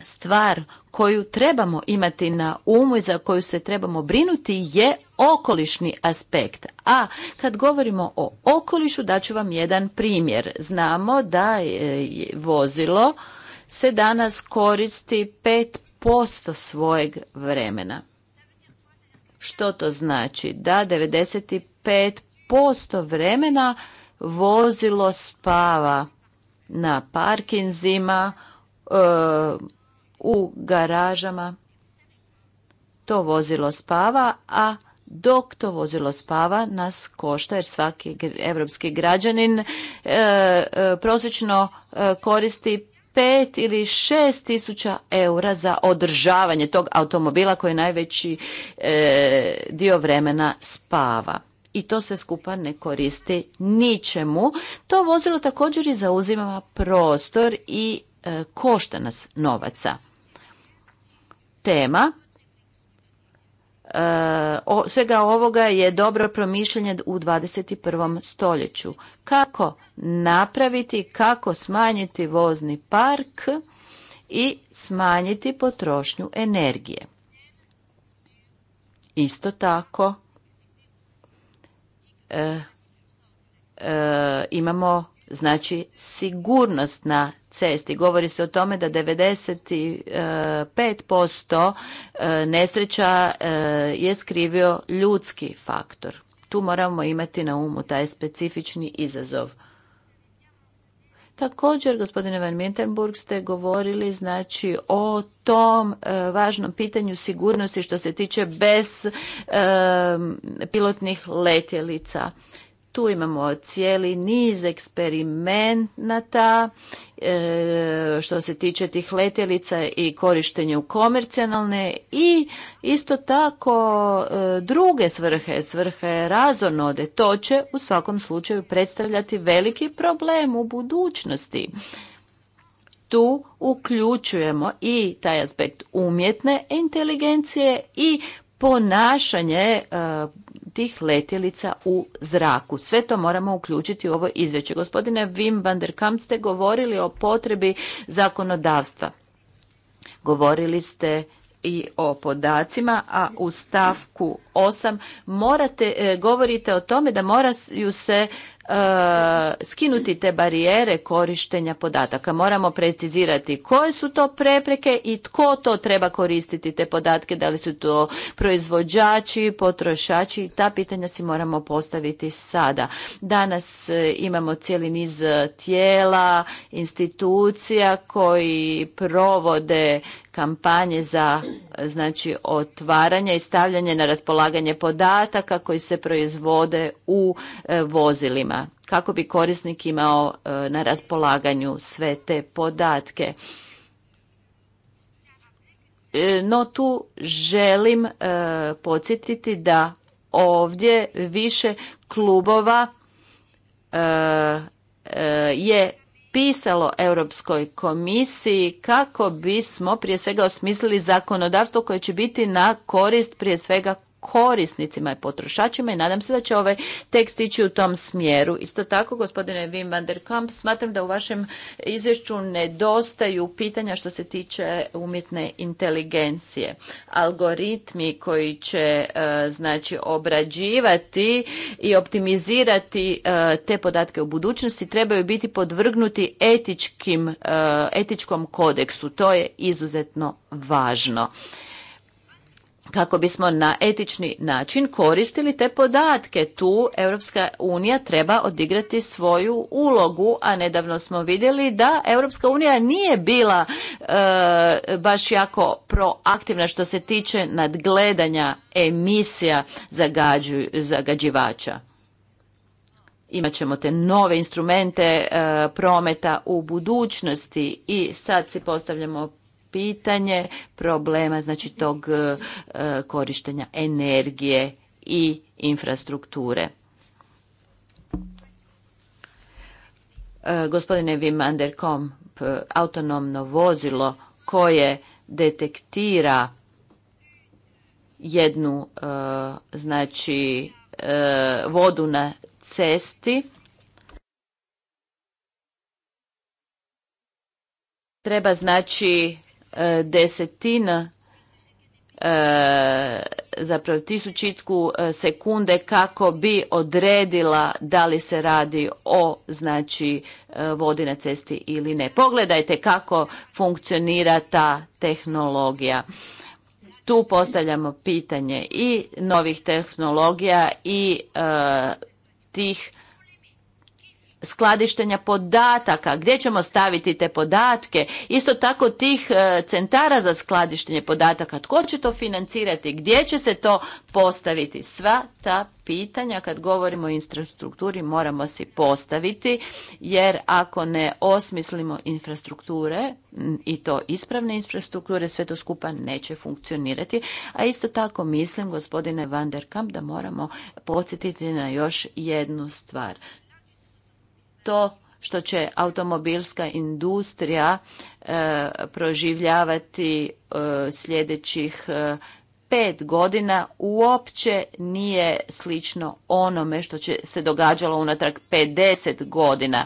stvar koju trebamo imati na umu i za koju se trebamo brinuti je okolišni aspekt. A kad govorimo o okolišu, daću vam jedan primjer. Znamo da je vozilo se danas koristi 5% svojeg vremena. Što to znači? Da 95% vremena vozilo spava na parkinzima, e, u garažama to vozilo spava, a dok to vozilo spava nas košta jer svaki evropski građanin e, e, prosječno e, koristi 5 ili 6 tisuća eura za održavanje tog automobila koji najveći dio vremena spava. I to sve skupa ne koristi ničemu. To vozilo također i zauzima prostor i košta nas novaca tema e, svega ovoga je dobro promišljanje u 21. stoljeću. Kako napraviti, kako smanjiti vozni park i smanjiti potrošnju energije. Isto tako e, e, imamo znači sigurnost na cesti. Govori se o tome da 95% e, nesreća e, je skrivio ljudski faktor. Tu moramo imati na umu taj specifični izazov. Također, gospodine Van Mintenburg, ste govorili znači, o tom e, važnom pitanju sigurnosti što se tiče bez pilotnih letjelica. Tu imamo cijeli niz eksperimenata e, što se tiče tih letjelica i korištenje u komercijalne i isto tako e, druge svrhe, svrhe razonode. To će u svakom slučaju predstavljati veliki problem u budućnosti tu uključujemo i taj aspekt umjetne inteligencije i ponašanje e, tih letjelica u zraku. Sve to moramo uključiti u ovo izveće. Gospodine Wim van der Kamp ste govorili o potrebi zakonodavstva. Govorili ste i o podacima, a u stavku 8 morate, e, govorite o tome da moraju se e, skinuti te barijere korištenja podataka. Moramo precizirati koje su to prepreke i tko to treba koristiti te podatke, da li su to proizvođači, potrošači, ta pitanja si moramo postaviti sada. Danas e, imamo cijeli niz tijela, institucija koji provode kampanje za znači otvaranja i stavljanje na raspolaganje podataka koji se proizvode u e, vozilima kako bi korisnik imao e, na raspolaganju sve te podatke. E, no tu želim podsjetiti da ovdje više klubova je pisalo Europskoj komisiji kako bismo prije svega osmislili zakonodavstvo koje će biti na korist prije svega korisnicima i potrošačima i nadam se da će ovaj tekst ići u tom smjeru. Isto tako, gospodine Wim van der Kamp, smatram da u vašem izvješću nedostaju pitanja što se tiče umjetne inteligencije. Algoritmi koji će e, znači obrađivati i optimizirati e, te podatke u budućnosti trebaju biti podvrgnuti etičkim, e, etičkom kodeksu. To je izuzetno važno kako bismo na etični način koristili te podatke. Tu Europska unija treba odigrati svoju ulogu, a nedavno smo vidjeli da Europska unija nije bila e, baš jako proaktivna što se tiče nadgledanja emisija zagađu, zagađivača. Imaćemo te nove instrumente e, prometa u budućnosti i sad si postavljamo pitanje problema znači tog e, korištenja energije i infrastrukture. E, gospodine Vimanderkom, e, autonomno vozilo koje detektira jednu znači vodu na cesti treba znači E, desetina e, zapravo tisućitku e, sekunde kako bi odredila da li se radi o znači vodi na cesti ili ne. Pogledajte kako funkcionira ta tehnologija. Tu postavljamo pitanje i novih tehnologija i tih skladištenja podataka, gdje ćemo staviti te podatke, isto tako tih e, centara za skladištenje podataka, tko će to financirati, gdje će se to postaviti. Sva ta pitanja kad govorimo o infrastrukturi moramo si postaviti, jer ako ne osmislimo infrastrukture i to ispravne infrastrukture, sve to skupa neće funkcionirati. A isto tako mislim, gospodine Van der Kamp, da moramo podsjetiti na još jednu stvar to što će automobilska industrija e, proživljavati e, sljedećih e, pet godina uopće nije slično onome što će se događalo unatrag 50 godina.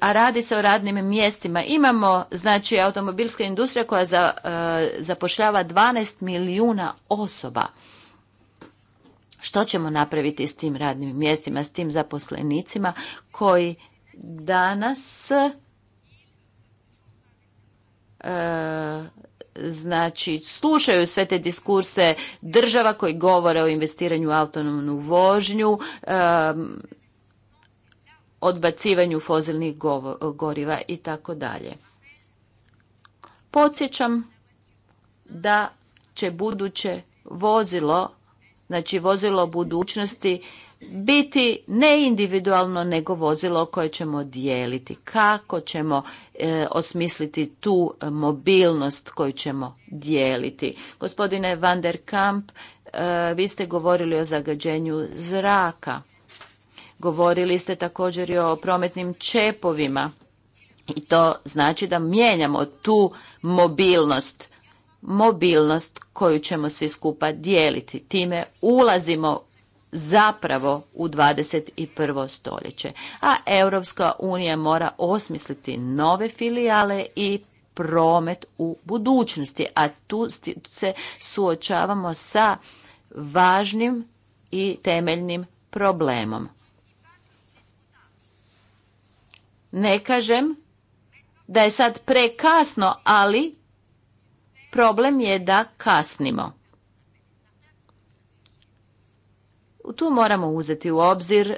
a radi se o radnim mjestima. Imamo znači automobilska industrija koja zapošljava 12 milijuna osoba što ćemo napraviti s tim radnim mjestima, s tim zaposlenicima koji danas e, znači slušaju sve te diskurse država koji govore o investiranju u autonomnu vožnju, e, odbacivanju fozilnih goriva i tako dalje. Podsjećam da će buduće vozilo znači vozilo budućnosti, biti ne individualno nego vozilo koje ćemo dijeliti. Kako ćemo e, osmisliti tu mobilnost koju ćemo dijeliti? Gospodine Van der Kamp, e, vi ste govorili o zagađenju zraka. Govorili ste također i o prometnim čepovima. I to znači da mijenjamo tu mobilnost mobilnost koju ćemo svi skupa dijeliti. Time ulazimo zapravo u 21. stoljeće. A Europska unija mora osmisliti nove filijale i promet u budućnosti. A tu se suočavamo sa važnim i temeljnim problemom. Ne kažem da je sad prekasno, ali Problem je da kasnimo. Tu moramo uzeti u obzir e,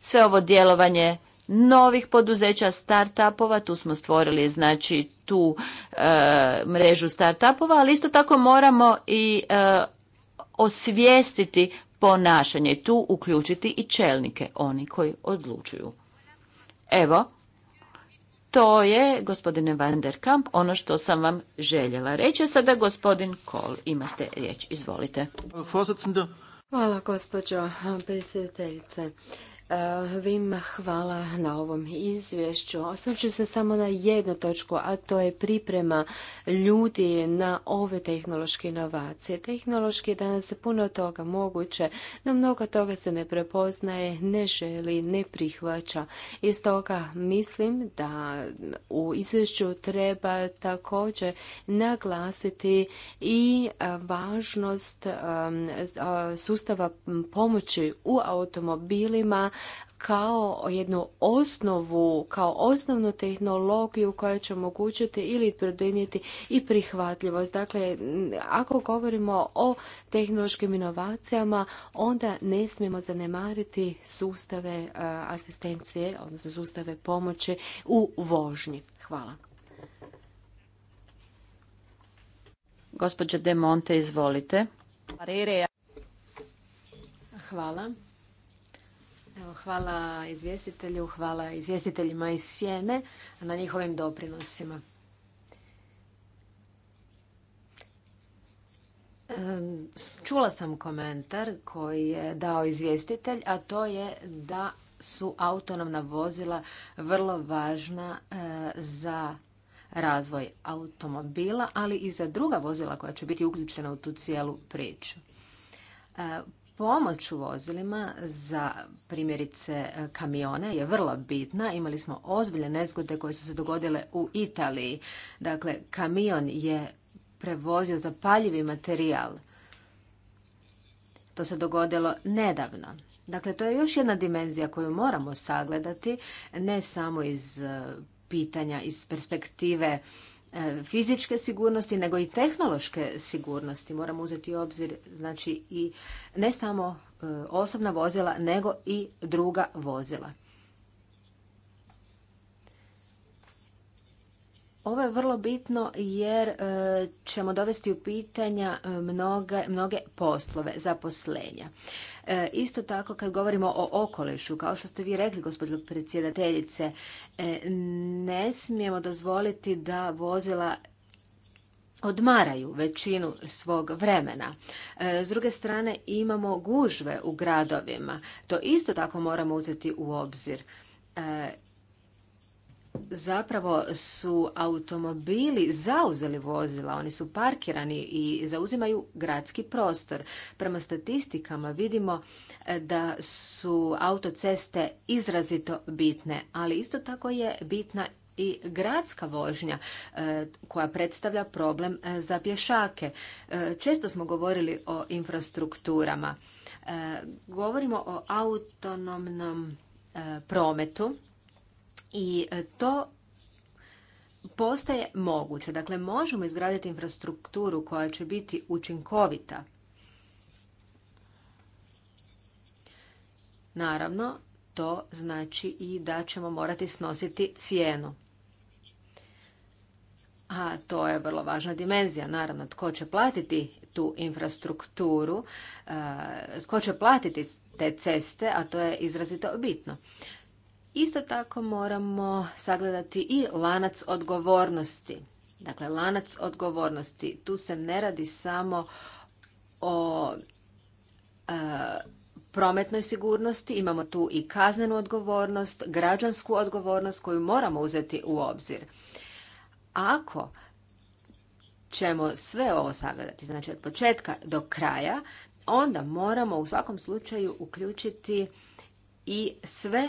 sve ovo djelovanje novih poduzeća, start-upova, tu smo stvorili znači tu e, mrežu start-upova, ali isto tako moramo i e, osvijestiti ponašanje, tu uključiti i čelnike, oni koji odlučuju. Evo, to je, gospodine Van der Kamp, ono što sam vam željela reći. Sada gospodin Kol, imate riječ. Izvolite. Hvala, gospođo predsjedateljice. Vima hvala na ovom izvješću. Osvrću se samo na jednu točku, a to je priprema ljudi na ove tehnološke inovacije. Tehnološki je danas puno toga moguće, no mnogo toga se ne prepoznaje, ne želi, ne prihvaća. I toga mislim da u izvješću treba također naglasiti i važnost um, sustava pomoći u automobilima kao jednu osnovu, kao osnovnu tehnologiju koja će omogućiti ili pridonijeti i prihvatljivost. Dakle, ako govorimo o tehnološkim inovacijama, onda ne smijemo zanemariti sustave e, asistencije, odnosno sustave pomoći u vožnji. Hvala. Gospođa De Monte, izvolite. Hvala hvala izvjestitelju, hvala izvjestiteljima iz Sjene na njihovim doprinosima. Čula sam komentar koji je dao izvjestitelj, a to je da su autonomna vozila vrlo važna e, za razvoj automobila, ali i za druga vozila koja će biti uključena u tu cijelu priču. E, pomoć u vozilima za primjerice e, kamione je vrlo bitna. Imali smo ozbiljne nezgode koje su se dogodile u Italiji. Dakle, kamion je prevozio zapaljivi materijal. To se dogodilo nedavno. Dakle, to je još jedna dimenzija koju moramo sagledati, ne samo iz e, pitanja, iz perspektive E, fizičke sigurnosti, nego i tehnološke sigurnosti. Moramo uzeti u obzir znači, i ne samo e, osobna vozila, nego i druga vozila. Ovo je vrlo bitno jer e, ćemo dovesti u pitanja e, mnoge, mnoge poslove zaposlenja. E, isto tako kad govorimo o okolišu, kao što ste vi rekli, gospođo predsjedateljice, ne smijemo dozvoliti da vozila odmaraju većinu svog vremena. S druge strane imamo gužve u gradovima. To isto tako moramo uzeti u obzir zapravo su automobili zauzeli vozila, oni su parkirani i zauzimaju gradski prostor. Prema statistikama vidimo e, da su autoceste izrazito bitne, ali isto tako je bitna i gradska vožnja e, koja predstavlja problem e, za pješake. Često smo govorili o infrastrukturama. Govorimo o autonomnom prometu i e, to postaje moguće. Dakle, možemo izgraditi infrastrukturu koja će biti učinkovita. Naravno, to znači i da ćemo morati snositi cijenu. A to je vrlo važna dimenzija. Naravno, tko će platiti tu infrastrukturu, e, tko će platiti te ceste, a to je izrazito bitno. Isto tako moramo sagledati i lanac odgovornosti. Dakle, lanac odgovornosti. Tu se ne radi samo o e, prometnoj sigurnosti, imamo tu i kaznenu odgovornost, građansku odgovornost koju moramo uzeti u obzir. Ako ćemo sve ovo sagledati, znači od početka do kraja, onda moramo u svakom slučaju uključiti i sve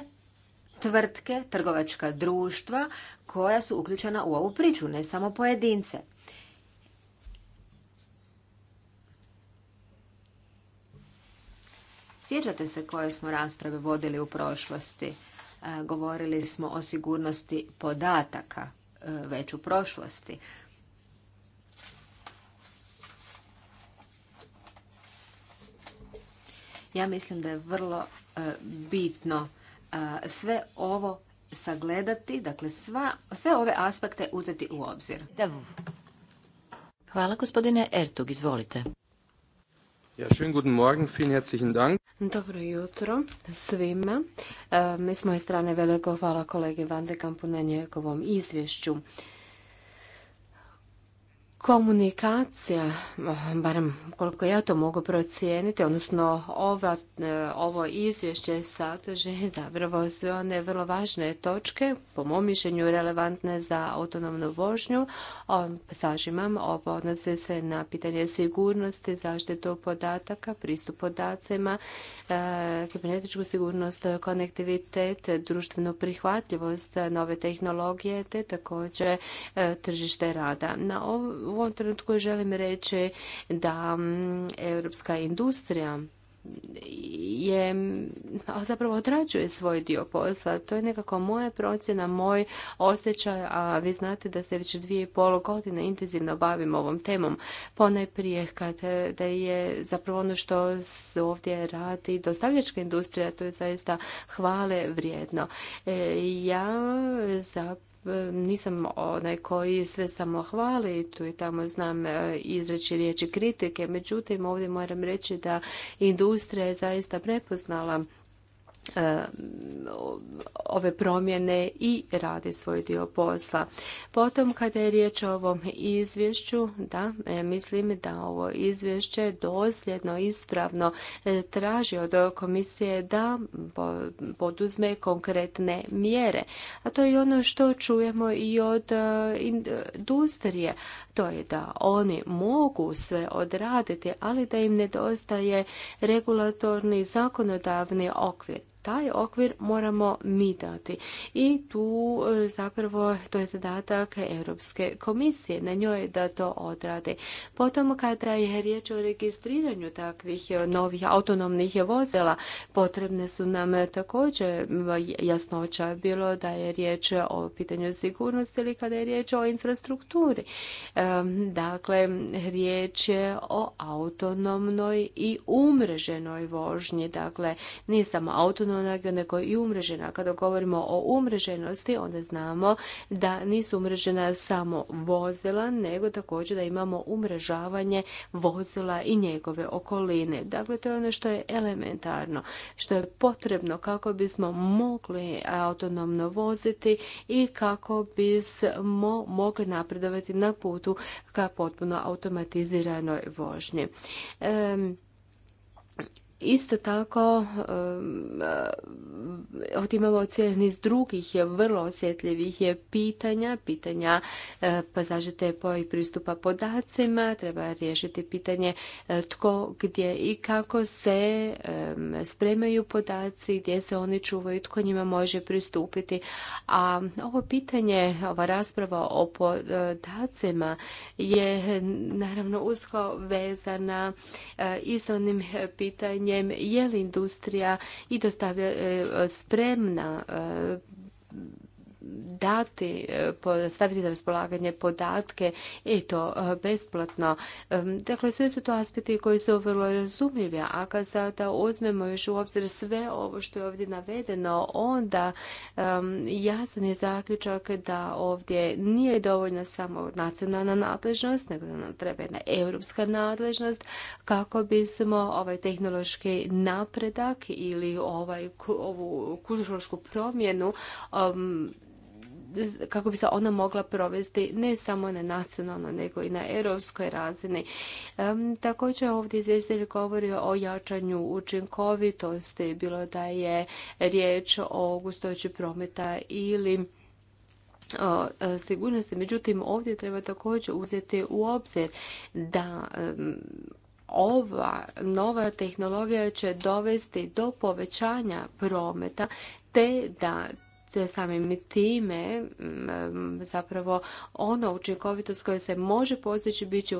tvrtke, trgovačka društva koja su uključena u ovu priču, ne samo pojedince. Sjećate se koje smo rasprave vodili u prošlosti. E, govorili smo o sigurnosti podataka e, već u prošlosti. Ja mislim da je vrlo e, bitno sve ovo sagledati, dakle sva, sve ove aspekte uzeti u obzir. Hvala gospodine Ertug, izvolite. Ja, guten Morgen, vielen herzlichen Dank. Dobro jutro svima. E, mi smo moje strane veliko hvala kolegi Van de Kampu na njegovom izvješću komunikacija, barem koliko ja to mogu procijeniti, odnosno ova, e, ovo izvješće sadrži zapravo sve one vrlo važne točke, po mom mišljenju relevantne za autonomnu vožnju. Sažimam, ovo odnose se na pitanje sigurnosti, zaštitu podataka, pristup podacima, e, kibernetičku sigurnost, konektivitet, društvenu prihvatljivost, nove tehnologije, te također e, tržište rada. Na ovu u ovom trenutku želim reći da mm, europska industrija je zapravo odrađuje svoj dio posla. To je nekako moja procjena, moj osjećaj, a vi znate da se već dvije i pol godine intenzivno bavim ovom temom. Ponajprije kad da je zapravo ono što se ovdje radi dostavljačka industrija, to je zaista hvale vrijedno. E, ja zapravo nisam onaj koji sve samo hvali, tu i tamo znam e, izreći riječi kritike, međutim ovdje moram reći da industrija je zaista prepoznala E, ove promjene i radi svoj dio posla. Potom kada je riječ o ovom izvješću, da, e, mislim da ovo izvješće dosljedno, ispravno e, traži od komisije da poduzme konkretne mjere. A to je ono što čujemo i od industrije. To je da oni mogu sve odraditi, ali da im nedostaje regulatorni zakonodavni okvir taj okvir moramo mi dati. I tu e, zapravo to je zadatak Europske komisije. Na njoj da to odrade. Potom kada je riječ o registriranju takvih e, novih autonomnih vozila, potrebne su nam također jasnoća bilo da je riječ o pitanju sigurnosti ili kada je riječ o infrastrukturi. E, dakle, riječ je o autonomnoj i umreženoj vožnji. Dakle, nije samo autonomnoj funkcionalna nego i umrežena. Kada govorimo o umreženosti, onda znamo da nisu umrežena samo vozila, nego također da imamo umrežavanje vozila i njegove okoline. Dakle, to je ono što je elementarno, što je potrebno kako bismo mogli autonomno voziti i kako bismo mogli napredovati na putu ka potpuno automatiziranoj vožnji. Isto tako, ovdje imamo cijeli niz drugih vrlo osjetljivih pitanja, pitanja pa po i pristupa podacima, treba riješiti pitanje e, tko, gdje i kako se spremaju podaci, gdje se oni čuvaju, tko njima može pristupiti. A ovo pitanje, ova rasprava o podacima je naravno usko vezana e, i sa onim pitanjem pitanjem je li industrija i dostavlja e, spremna e, dati, eh, staviti na raspolaganje podatke i to eh, besplatno. Dakle, sve su to aspekti koji su vrlo razumljivi, a kad sada uzmemo još u obzir sve ovo što je ovdje navedeno, onda jasan je zaključak da ovdje nije dovoljna samo nacionalna nadležnost, nego da nam treba jedna europska nadležnost kako bismo ovaj tehnološki napredak ili ovaj, ovu kulturološku promjenu kako bi se ona mogla provesti ne samo na nacionalnoj nego i na europskoj razini. Također ovdje izvjestitelj govori o jačanju učinkovitosti, bilo da je riječ o gustoći prometa ili e, sigurnosti. Međutim, ovdje treba također uzeti u obzir da ova nova tehnologija će dovesti do povećanja prometa te da samim time mm, zapravo ono učinkovitost koja se može postići bit će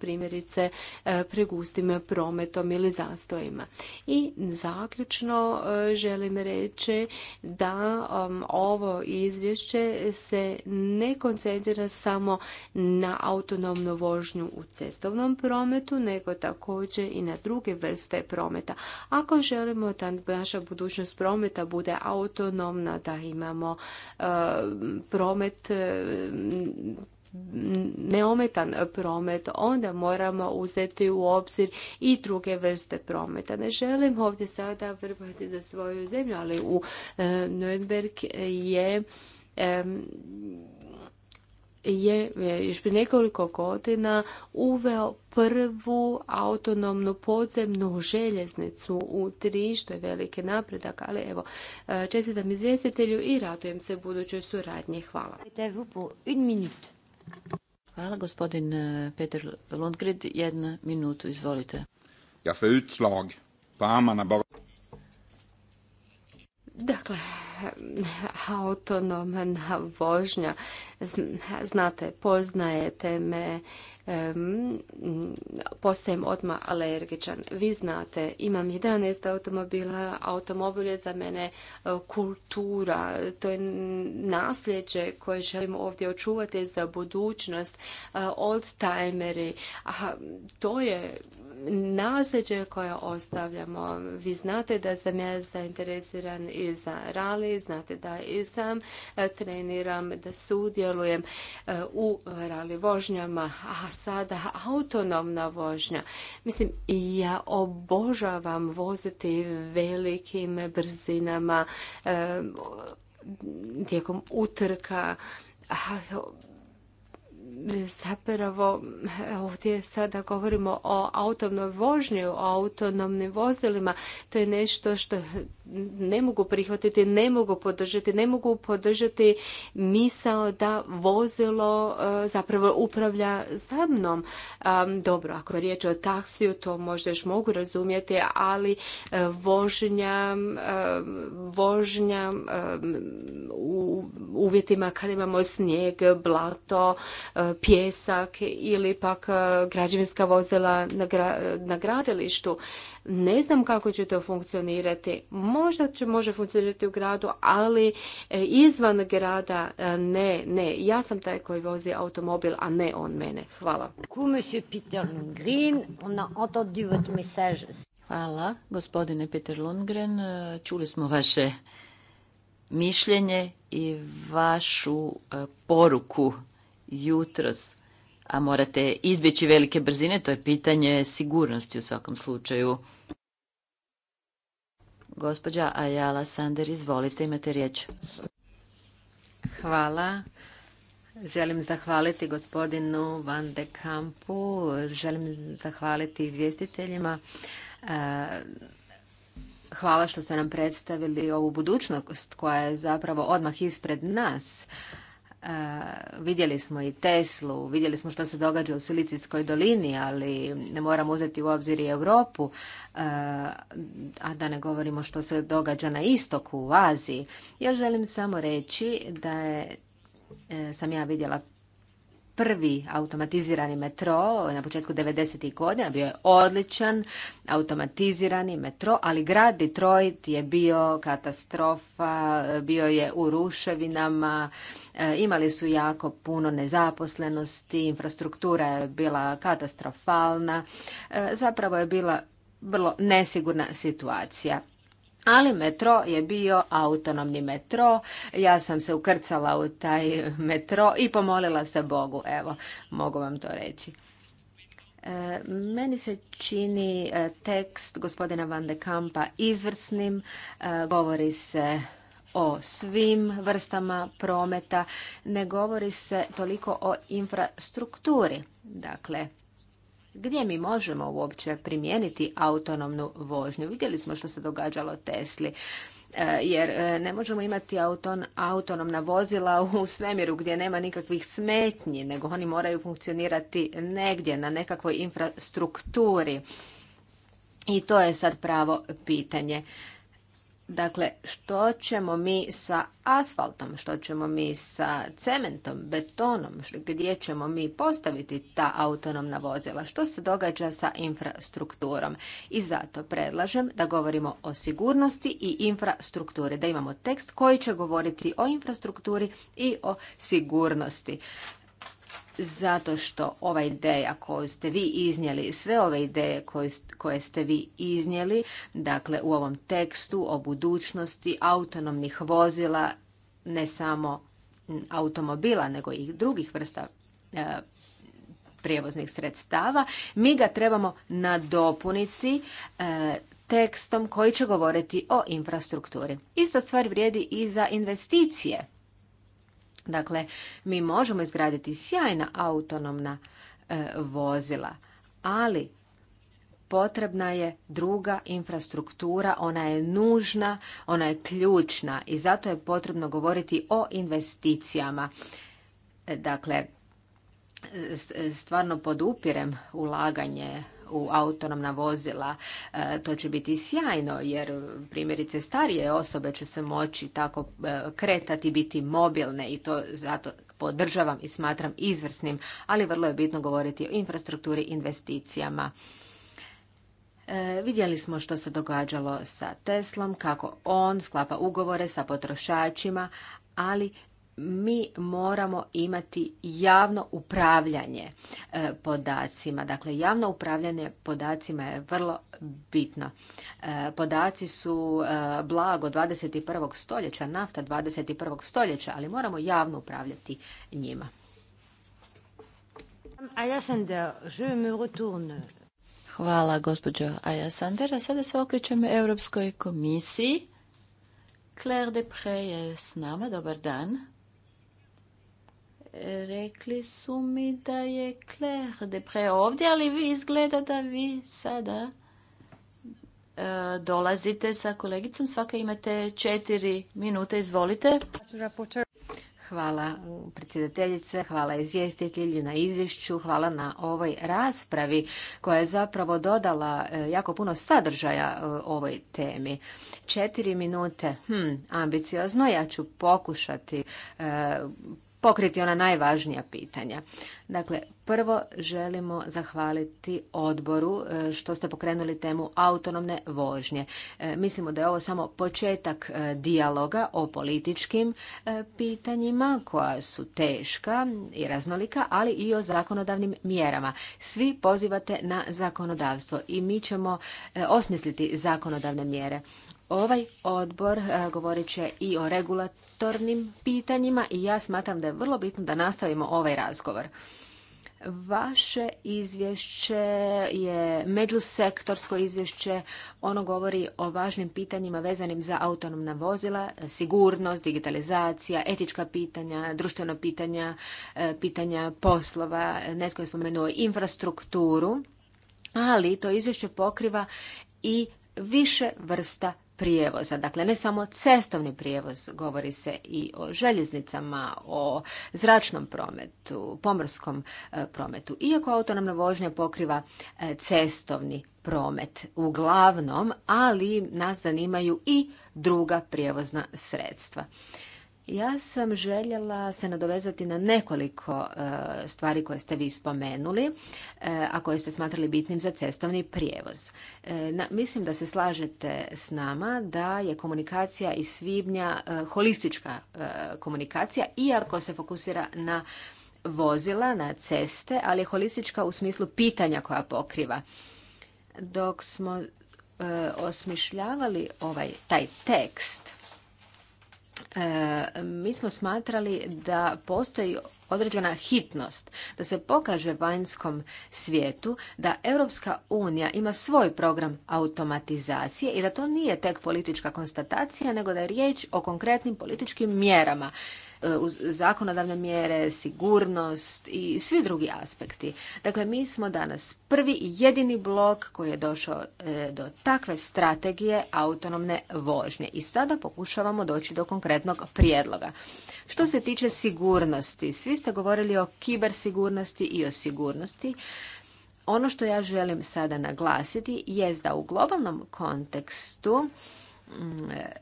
primjerice e, pregustim prometom ili zastojima. I zaključno e, želim reći da mm, ovo izvješće se ne koncentrira samo na autonomnu vožnju u cestovnom prometu, nego također i na druge vrste prometa. Ako želimo da naša budućnost prometa bude autonomna, da imamo e, promet e, neometan promet, onda moramo uzeti u obzir i druge vrste prometa. Ne želim ovdje sada vrbati za svoju zemlju, ali u e, Nürnberg je je još prije nekoliko godina uveo prvu autonomnu podzemnu željeznicu u tri, što je veliki napredak, ali evo, e, čestitam izvjestitelju i radujem se budućoj suradnji. Hvala. Hvala, gospodin e, Peter Lundgren, Jednu minutu, izvolite. Ja, fe utslag Pa amana Dakle, autonomna vožnja. Znate, poznajete me, postajem odmah alergičan. Vi znate, imam 11 automobila, automobil je za mene e, kultura, to je nasljeđe koje želim ovdje očuvati za budućnost, e, Old timeri. to je nasljeđe koje ostavljamo. Vi znate da sam ja zainteresiran i za rali, vi znate da i sam e, treniram, da sudjelujem e, u rali vožnjama, a sada autonomna vožnja. Mislim, ja obožavam voziti velikim brzinama e, tijekom utrka, zapravo ovdje sada govorimo o autonomnoj vožnji, o autonomnim vozilima. To je nešto što ne mogu prihvatiti, ne mogu podržati, ne mogu podržati misao da vozilo e, zapravo upravlja za mnom. E, dobro, ako je riječ o taksiju, to možda još mogu razumjeti, ali e, vožnja, vožnja u uvjetima kada imamo snijeg, blato, pjesak ili pak e, građevinska vozila na gradilištu. Ne znam kako će to funkcionirati. Možda će, može funkcionirati u gradu, ali e, izvan grada e, ne, ne. Ja sam taj koji vozi automobil, a ne on mene. Hvala. Hvala, gospodine Peter Lundgren. Čuli smo vaše mišljenje i vašu poruku jutros, a morate izbjeći velike brzine, to je pitanje sigurnosti u svakom slučaju. Gospođa Ayala Sander, izvolite, imate riječ. Hvala. Želim zahvaliti gospodinu Van de Kampu, želim zahvaliti izvjestiteljima. E, hvala što ste nam predstavili ovu budućnost koja je zapravo odmah ispred nas. E, vidjeli smo i Teslu, vidjeli smo što se događa u Silicijskoj dolini, ali ne moramo uzeti u obzir i Europu, e, a da ne govorimo što se događa na istoku, u Aziji. Ja želim samo reći da je e, sam ja vidjela prvi automatizirani metro na početku 90. godina, bio je odličan automatizirani metro, ali grad Detroit je bio katastrofa, bio je u ruševinama, e, imali su jako puno nezaposlenosti, infrastruktura je bila katastrofalna, e, zapravo je bila vrlo nesigurna situacija ali metro je bio autonomni metro. Ja sam se ukrcala u taj metro i pomolila se Bogu. Evo, mogu vam to reći. E, meni se čini e, tekst gospodina Van de Kampa izvrsnim. E, govori se o svim vrstama prometa. Ne govori se toliko o infrastrukturi. Dakle, gdje mi možemo uopće primijeniti autonomnu vožnju. Vidjeli smo što se događalo Tesli e, jer e, ne možemo imati auton, autonomna vozila u svemiru gdje nema nikakvih smetnji, nego oni moraju funkcionirati negdje na nekakvoj infrastrukturi. I to je sad pravo pitanje. Dakle, što ćemo mi sa asfaltom, što ćemo mi sa cementom, betonom, gdje ćemo mi postaviti ta autonomna vozila, što se događa sa infrastrukturom. I zato predlažem da govorimo o sigurnosti i infrastrukturi, da imamo tekst koji će govoriti o infrastrukturi i o sigurnosti zato što ova ideja koju ste vi iznijeli, sve ove ideje koje ste vi iznijeli, dakle u ovom tekstu o budućnosti autonomnih vozila, ne samo automobila, nego i drugih vrsta e, prijevoznih sredstava, mi ga trebamo nadopuniti e, tekstom koji će govoriti o infrastrukturi. Ista stvar vrijedi i za investicije Dakle, mi možemo izgraditi sjajna autonomna e, vozila, ali potrebna je druga infrastruktura, ona je nužna, ona je ključna i zato je potrebno govoriti o investicijama. E, dakle, stvarno podupirem ulaganje u autonomna vozila. E, to će biti sjajno jer primjerice starije osobe će se moći tako e, kretati, biti mobilne i to zato podržavam i smatram izvrsnim, ali vrlo je bitno govoriti o infrastrukturi, i investicijama. E, vidjeli smo što se događalo sa Teslom, kako on sklapa ugovore sa potrošačima, ali mi moramo imati javno upravljanje e, podacima. Dakle, javno upravljanje podacima je vrlo bitno. E, podaci su e, blago 21. stoljeća, nafta 21. stoljeća, ali moramo javno upravljati njima. Hvala, gospođo Ajasander. Sada se okrećem Europskoj komisiji. Claire Depre je s nama. Dobar dan rekli su mi da je Claire Depre ovdje, ali vi izgleda da vi sada e, dolazite sa kolegicom. Svaka imate četiri minute, izvolite. Hvala predsjedateljice, hvala izvjestitelju na izvješću, hvala na ovoj raspravi koja je zapravo dodala e, jako puno sadržaja e, ovoj temi. Četiri minute, hm, ambiciozno, ja ću pokušati pokriti ona najvažnija pitanja. Dakle, prvo želimo zahvaliti odboru e, što ste pokrenuli temu autonomne vožnje. E, mislimo da je ovo samo početak e, dijaloga o političkim pitanjima koja su teška i raznolika, ali i o zakonodavnim mjerama. Svi pozivate na zakonodavstvo i mi ćemo osmisliti zakonodavne mjere. Ovaj odbor e, govorit će i o regulatornim pitanjima i ja smatram da je vrlo bitno da nastavimo ovaj razgovor. Vaše izvješće je međusektorsko izvješće. Ono govori o važnim pitanjima vezanim za autonomna vozila, sigurnost, digitalizacija, etička pitanja, društvena pitanja, e, pitanja poslova. Netko je spomenuo infrastrukturu, ali to izvješće pokriva i više vrsta prijevoza. Dakle, ne samo cestovni prijevoz, govori se i o željeznicama, o zračnom prometu, pomorskom e, prometu. Iako autonomna vožnja pokriva e, cestovni promet uglavnom, ali nas zanimaju i druga prijevozna sredstva. Ja sam željela se nadovezati na nekoliko e, stvari koje ste vi spomenuli, e, a koje ste smatrali bitnim za cestovni prijevoz. E, mislim da se slažete s nama da je komunikacija iz svibnja holistička komunikacija, iako se fokusira na vozila, na ceste, ali je holistička u smislu pitanja koja pokriva. Dok smo osmišljavali ovaj taj tekst, E, mi smo smatrali da postoji određena hitnost da se pokaže vanjskom svijetu da Europska unija ima svoj program automatizacije i da to nije tek politička konstatacija nego da je riječ o konkretnim političkim mjerama E, zakonodavne mjere, sigurnost i svi drugi aspekti. Dakle, mi smo danas prvi i jedini blok koji je došao e, do takve strategije autonomne vožnje i sada pokušavamo doći do konkretnog prijedloga. Što se tiče sigurnosti, svi ste govorili o kibersigurnosti i o sigurnosti. Ono što ja želim sada naglasiti je da u globalnom kontekstu mm, e,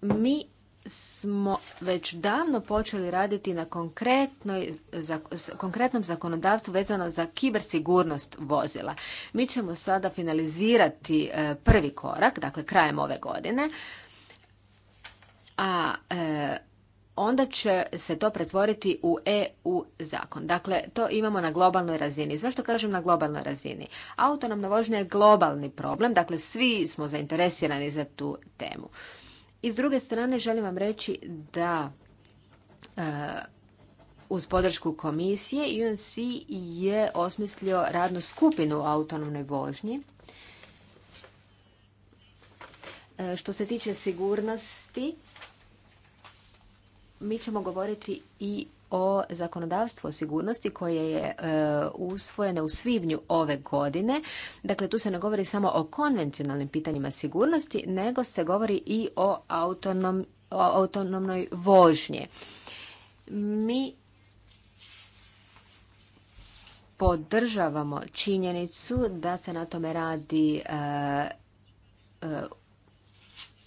mi smo već davno počeli raditi na konkretnom zakonodavstvu vezano za kibersigurnost vozila. Mi ćemo sada finalizirati e, prvi korak, dakle krajem ove godine, a e, onda će se to pretvoriti u EU zakon. Dakle, to imamo na globalnoj razini. Zašto kažem na globalnoj razini? Autonomna vožnja je globalni problem, dakle svi smo zainteresirani za tu temu. I s druge strane želim vam reći da e, uz podršku komisije UNC je osmislio radnu skupinu o autonomnoj vožnji. E, što se tiče sigurnosti, mi ćemo govoriti i o zakonodavstvu o sigurnosti koje je e, usvojeno u svibnju ove godine. Dakle, tu se ne govori samo o konvencionalnim pitanjima sigurnosti, nego se govori i o, autonom, autonomnoj vožnji. Mi podržavamo činjenicu da se na tome radi e, e,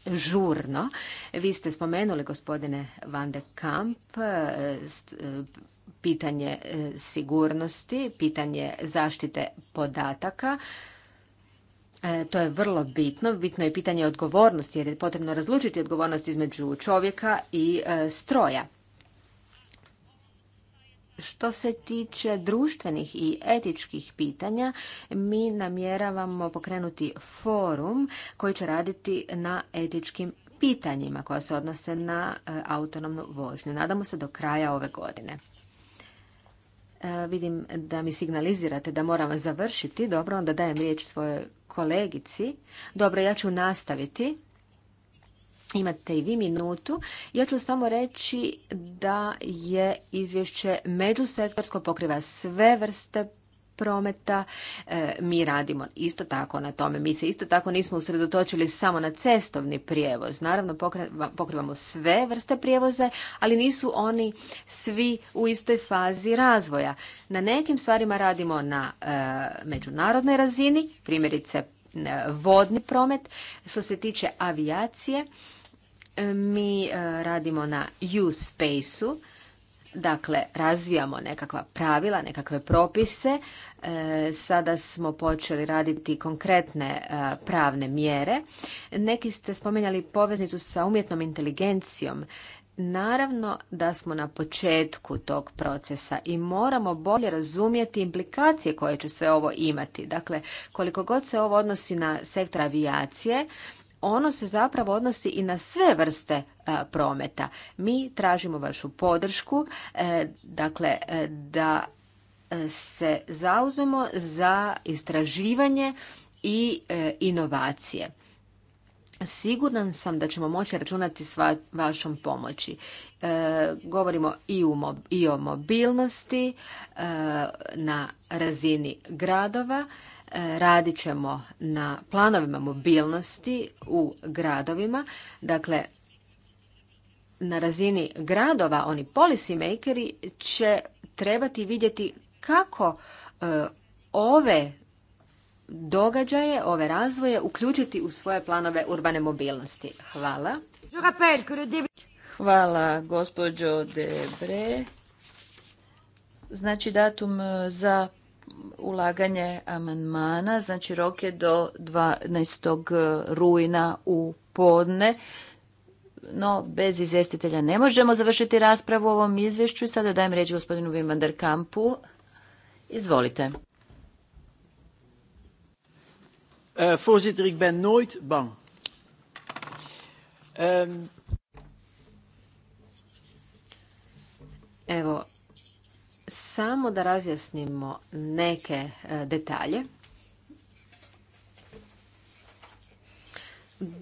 žurno. Vi ste spomenuli, gospodine Van de Kamp, e, e, pitanje e, sigurnosti, pitanje zaštite podataka. To je vrlo bitno. Bitno je pitanje odgovornosti jer je potrebno razlučiti odgovornost između čovjeka i stroja. Što se tiče društvenih i etičkih pitanja, mi namjeravamo pokrenuti forum koji će raditi na etičkim pitanjima koja se odnose na e, autonomnu vožnju. Nadamo se do kraja ove godine. E, vidim da mi signalizirate da moram završiti. Dobro, onda dajem riječ svojoj kolegici. Dobro, ja ću nastaviti Imate i vi minutu. Ja ću samo reći da je izvješće međusektorsko pokriva sve vrste prometa. E, mi radimo isto tako na tome. Mi se isto tako nismo usredotočili samo na cestovni prijevoz. Naravno, pokrivamo sve vrste prijevoze, ali nisu oni svi u istoj fazi razvoja. Na nekim stvarima radimo na e, međunarodnoj razini, primjerice e, vodni promet. Što se tiče avijacije, mi e, radimo na use space u Dakle, razvijamo nekakva pravila, nekakve propise. E, sada smo počeli raditi konkretne e, pravne mjere. Neki ste spomenjali poveznicu sa umjetnom inteligencijom. Naravno da smo na početku tog procesa i moramo bolje razumjeti implikacije koje će sve ovo imati. Dakle, koliko god se ovo odnosi na sektor avijacije, ono se zapravo odnosi i na sve vrste e, prometa. Mi tražimo vašu podršku, e, dakle e, da se zauzmemo za istraživanje i inovacije. Siguran sam da ćemo moći računati s vašom pomoći. govorimo i, o mobilnosti na razini gradova radit ćemo na planovima mobilnosti u gradovima. Dakle, na razini gradova oni policy makeri će trebati vidjeti kako e, ove događaje, ove razvoje uključiti u svoje planove urbane mobilnosti. Hvala. Hvala gospođo Debre. Znači datum e, za ulaganje amandmana, znači rok je do 12. E, rujna u podne. No, bez izvjestitelja ne možemo završiti raspravu o ovom izvješću i sada dajem riječ gospodinu Vimander Kampu. Izvolite. Eh, ben ehm, Evo, samo da razjasnimo neke e, detalje.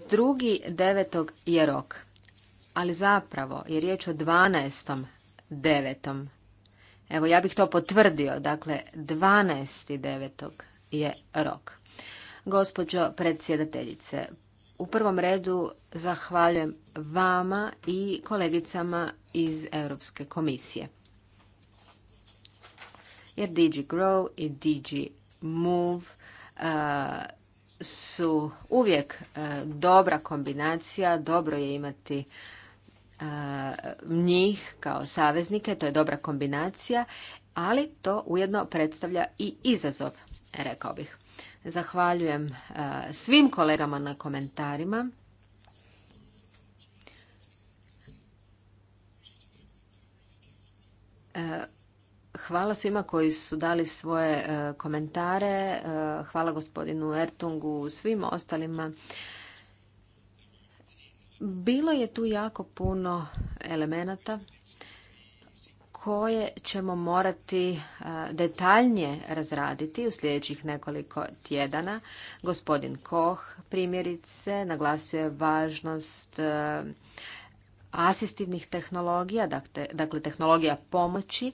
Drugi devetog je rok, ali zapravo je riječ o dvanaestom devetom. Evo, ja bih to potvrdio, dakle, devetog je rok. Gospođo predsjedateljice, u prvom redu zahvaljujem vama i kolegicama iz Europske komisije jer Digi Grow i DG Move uh, su uvijek uh, dobra kombinacija, dobro je imati uh, njih kao saveznike, to je dobra kombinacija, ali to ujedno predstavlja i izazov, rekao bih. Zahvaljujem svim kolegama na komentarima. Hvala svima koji su dali svoje e, komentare. E, hvala gospodinu Ertungu, svim ostalima. Bilo je tu jako puno elemenata koje ćemo morati e, detaljnije razraditi u sljedećih nekoliko tjedana. Gospodin Koh primjerice naglasio je važnost asistivnih tehnologija, dakle, dakle tehnologija pomoći.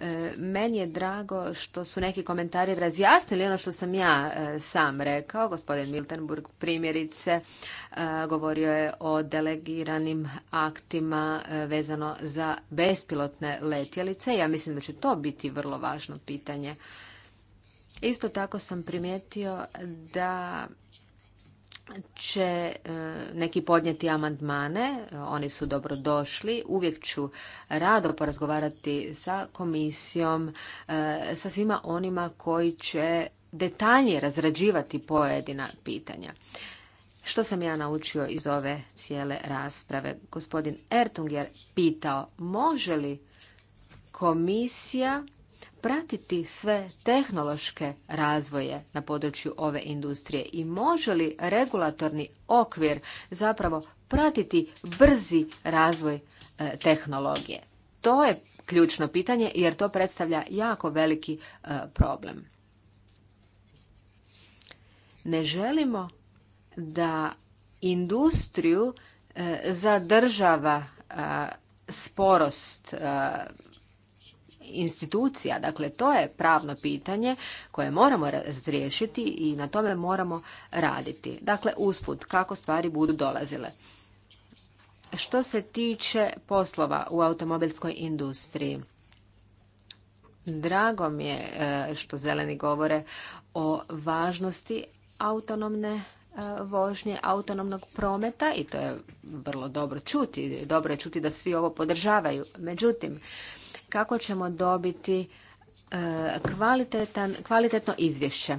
E, meni je drago što su neki komentari razjasnili ono što sam ja e, sam rekao. Gospodin Miltenburg primjerice e, govorio je o delegiranim aktima vezano za bespilotne letjelice. Ja mislim da će to biti vrlo važno pitanje. Isto tako sam primijetio da će e, neki podnijeti amandmane, oni su dobrodošli. Uvijek ću rado porazgovarati sa komisijom, e, sa svima onima koji će detaljnije razrađivati pojedina pitanja. Što sam ja naučio iz ove cijele rasprave? Gospodin Ertung pitao može li komisija pratiti sve tehnološke razvoje na području ove industrije i može li regulatorni okvir zapravo pratiti brzi razvoj e, tehnologije? To je ključno pitanje jer to predstavlja jako veliki e, problem. Ne želimo da industriju e, zadržava sporost institucija. Dakle, to je pravno pitanje koje moramo razriješiti i na tome moramo raditi. Dakle, usput kako stvari budu dolazile. Što se tiče poslova u automobilskoj industriji, drago mi je e, što zeleni govore o važnosti autonomne e, vožnje autonomnog prometa i to je vrlo dobro čuti. Dobro je čuti da svi ovo podržavaju. Međutim, kako ćemo dobiti e, kvalitetno izvješće.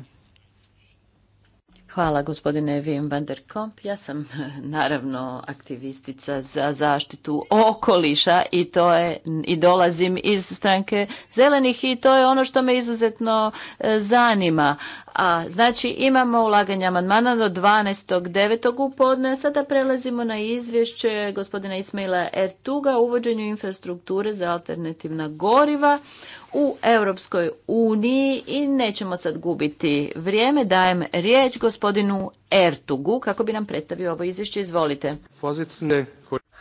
Hvala gospodine Wim van der Komp. Ja sam naravno aktivistica za zaštitu okoliša i to je i dolazim iz stranke zelenih i to je ono što me izuzetno e, zanima. A znači imamo ulaganje amandmana do 12.9. u podne, sada prelazimo na izvješće gospodina Ismaila Ertuga o uvođenju infrastrukture za alternativna goriva u Europskoj uniji i nećemo sad gubiti vrijeme. Dajem riječ gospodinu Ertugu kako bi nam predstavio ovo izvješće. Izvolite.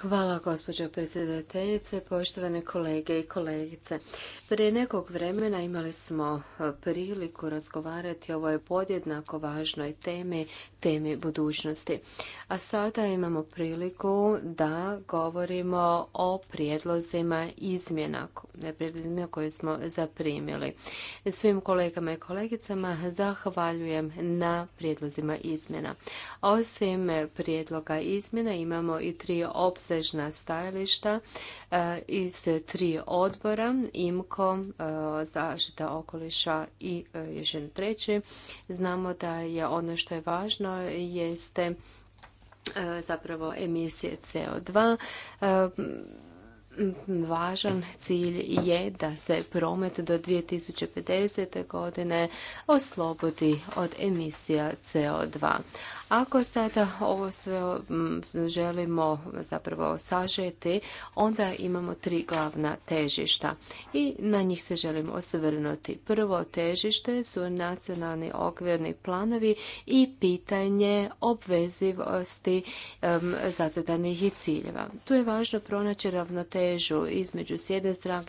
Hvala gospođo predsjedateljice, poštovane kolege i kolegice. Prije nekog vremena imali smo priliku razgovarati o ovoj podjednako važnoj temi temi budućnosti. A sada imamo priliku da govorimo o prijedlozima izmjena, koje smo zaprimili. Svim kolegama i kolegicama zahvaljujem na prijedlozima izmjena. Osim prijedloga izmjena imamo i tri opsežna stajališta eh, iz tri odbora, IMKO, eh, zaštita okoliša i eh, još treći. Znamo da je ono što je važno jeste e, zapravo emisije CO2. E, važan cilj je da se promet do 2050. godine oslobodi od emisija CO2. Ako sada ovo sve mm, želimo zapravo sažeti, onda imamo tri glavna težišta i na njih se želimo osvrnuti. Prvo težište su nacionalni okvirni planovi i pitanje obvezivosti zadanih i ciljeva. Tu je važno pronaći ravnotežu između s jedne strane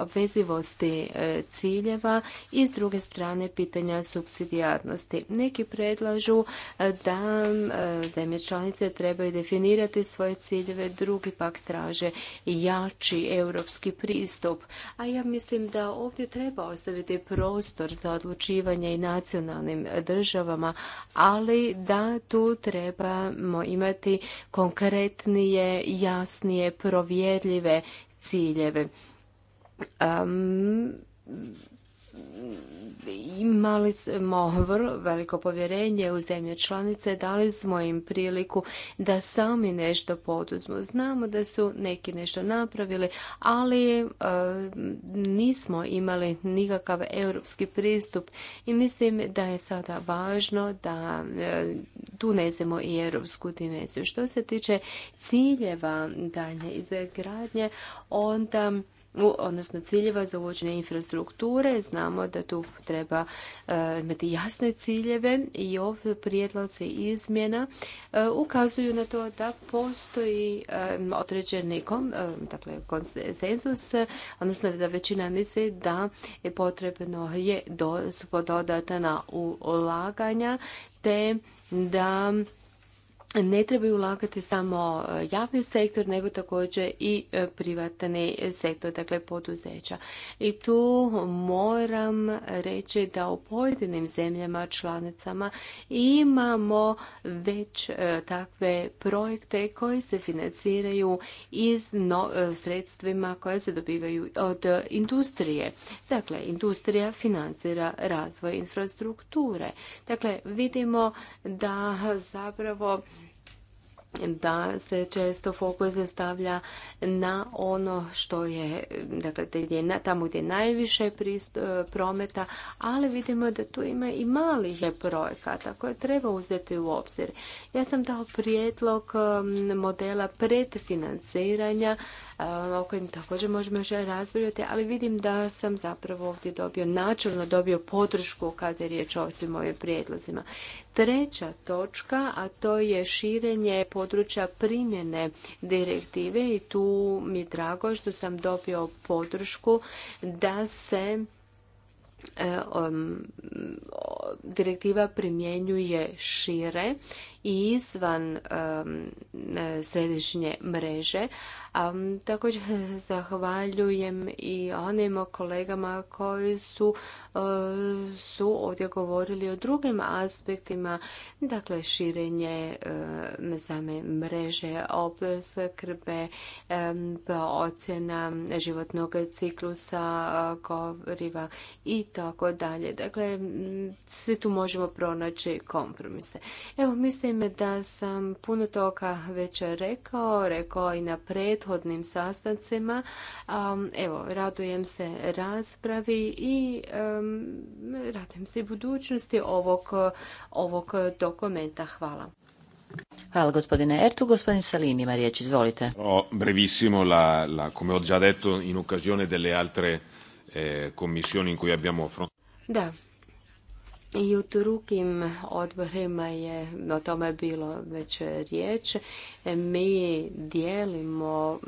obvezivosti e, ciljeva i s druge strane pitanja subsidijarnosti. Neki predlažu E, da e, zemlje članice trebaju definirati svoje ciljeve, drugi pak traže jači europski pristup. A ja mislim da ovdje treba ostaviti prostor za odlučivanje i nacionalnim državama, ali da tu trebamo imati konkretnije, jasnije, provjerljive ciljeve imali smo vrlo veliko povjerenje u zemlje članice, dali smo im priliku da sami nešto poduzmu. Znamo da su neki nešto napravili, ali e, nismo imali nikakav europski pristup i mislim da je sada važno da e, tu i europsku dimenziju. Što se tiče ciljeva dalje izgradnje, onda odnosno ciljeva za uvođenje infrastrukture. Znamo da tu treba e, imati jasne ciljeve i ovdje i izmjena e, ukazuju na to da postoji e, određeni dakle, konsenzus, odnosno da većina misli da je potrebno je su pododatana ulaganja te da ne trebaju ulagati samo e, javni sektor, nego također i e, privatni sektor, dakle poduzeća. I tu moram reći da u pojedinim zemljama, članicama imamo već e, takve projekte koji se financiraju iz sredstvima koja se dobivaju od industrije. Dakle, industrija financira razvoj infrastrukture. Dakle, vidimo da zapravo da se često fokus ne stavlja na ono što je, dakle, gdje, tamo gdje je najviše e, prometa, ali vidimo da tu ima i malih projekata koje treba uzeti u obzir. Ja sam dao prijedlog modela predfinanciranja o kojim također možemo još razbrojati, ali vidim da sam zapravo ovdje dobio, načelno dobio podršku kada je riječ o svim ovim prijedlozima. Treća točka, a to je širenje područja primjene direktive i tu mi je drago što sam dobio podršku da se e, direktiva primjenjuje šire i izvan e, središnje mreže. također zahvaljujem i onim kolegama koji e, su, ovdje govorili o drugim aspektima, dakle širenje e, same mreže obskrbe, pa ocjena životnog ciklusa, goriva i tako dalje. Dakle, svi tu možemo pronaći kompromise. Evo, mislim Mislim da sam puno toga već rekao, rekao i na prethodnim sastancima. Evo, radujem se raspravi i radujem se i budućnosti ovog, ovog dokumenta. Hvala. Hvala gospodine Ertu. Gospodin Salini ima riječ, izvolite. O, brevissimo, la, la, come ho già detto in occasione delle altre eh, commissioni in cui abbiamo Da, i u drugim odborima je o tome bilo već riječ. Mi dijelimo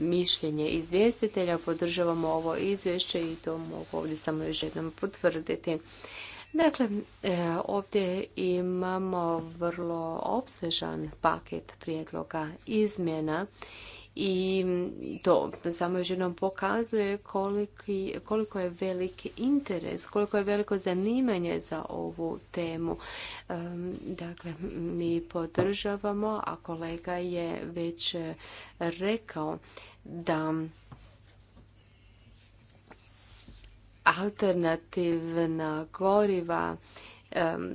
mišljenje izvjestitelja, podržavamo ovo izvješće i to mogu ovdje samo još jednom potvrditi. Dakle, e, ovdje imamo vrlo obsežan paket prijedloga izmjena i to samo još jednom pokazuje koliko je veliki interes, koliko je veliko zanimanje za ovu temu. Dakle, mi podržavamo, a kolega je već rekao da alternativna goriva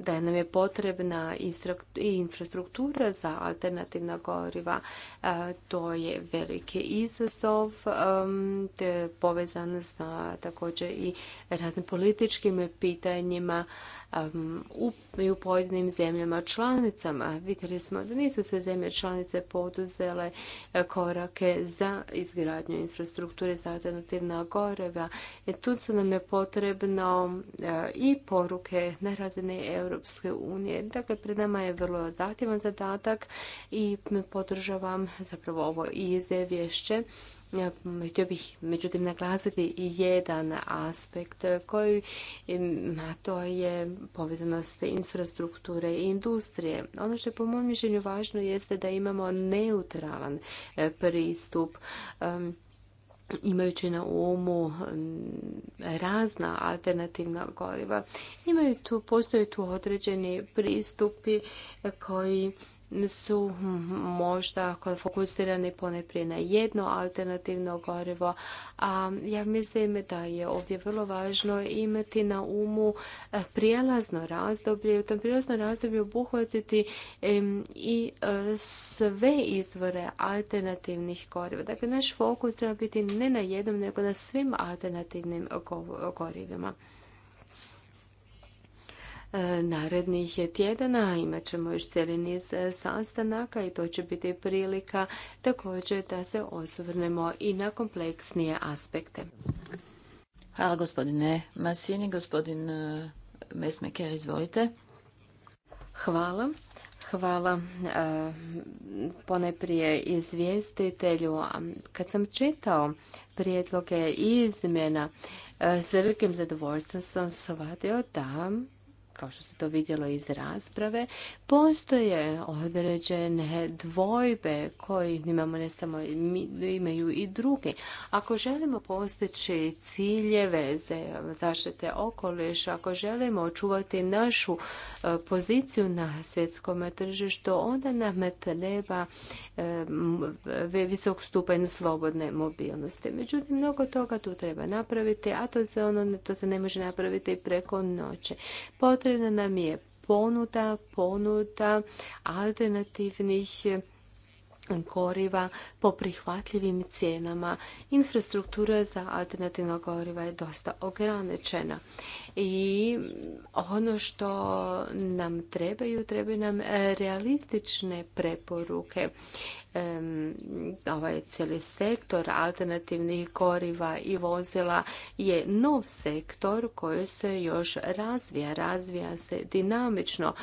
da nam je potrebna infrastruktura za alternativna goriva. E, to je veliki izazov te povezan sa također i raznim političkim pitanjima u, i u pojedinim zemljama članicama. Vidjeli smo da nisu se zemlje članice poduzele e, korake za izgradnju infrastrukture za alternativna goreva. E, tu su nam je potrebno e, i poruke na razine Europske unije. Dakle, pred nama je vrlo zahtjevan zadatak i podržavam zapravo ovo izvješće Htio bih međutim naglasiti jedan aspekt koji, a to je povezanost infrastrukture i industrije. Ono što je po mom mišljenju važno jeste da imamo neutralan e, pristup imajući na umu razna alternativna goriva. Imaju tu, postoje tu određeni pristupi koji su možda fokusirani ponajprije na jedno alternativno gorivo, a ja mislim da je ovdje vrlo važno imati na umu eh, prijelazno razdoblje i u tom prijelaznom razdoblju obuhvatiti i eh, sve izvore alternativnih goriva. Dakle, naš fokus treba biti ne na jednom, nego na svim alternativnim gorivima. E, narednih je tjedana. Imat ćemo još cijeli niz e, sastanaka i to će biti prilika također da se osvrnemo i na kompleksnije aspekte. Hvala gospodine Masini. Gospodin e, Mesmeker, izvolite. Hvala. Hvala poneprije izvijestitelju. Kad sam čitao prijedloge i izmjena, s velikim zadovoljstvom sam shvatio da kao što se to vidjelo iz rasprave, postoje određene dvojbe koje imamo ne samo imaju i druge. Ako želimo postići ciljeve za zaštite okoliša, ako želimo očuvati našu e, poziciju na svjetskom tržištu, onda nam treba e, visok stupanj slobodne mobilnosti. Međutim, mnogo toga tu treba napraviti, a to se, ono, to se ne može napraviti preko noće. Potrebno potrebna nam je ponuda, ponuda alternativnih goriva po prihvatljivim cijenama. Infrastruktura za alternativna goriva je dosta ograničena i ono što nam trebaju, trebaju nam e, realistične preporuke. Ovaj cijeli sektor alternativnih koriva i vozila je nov sektor koji se još razvija, razvija se dinamično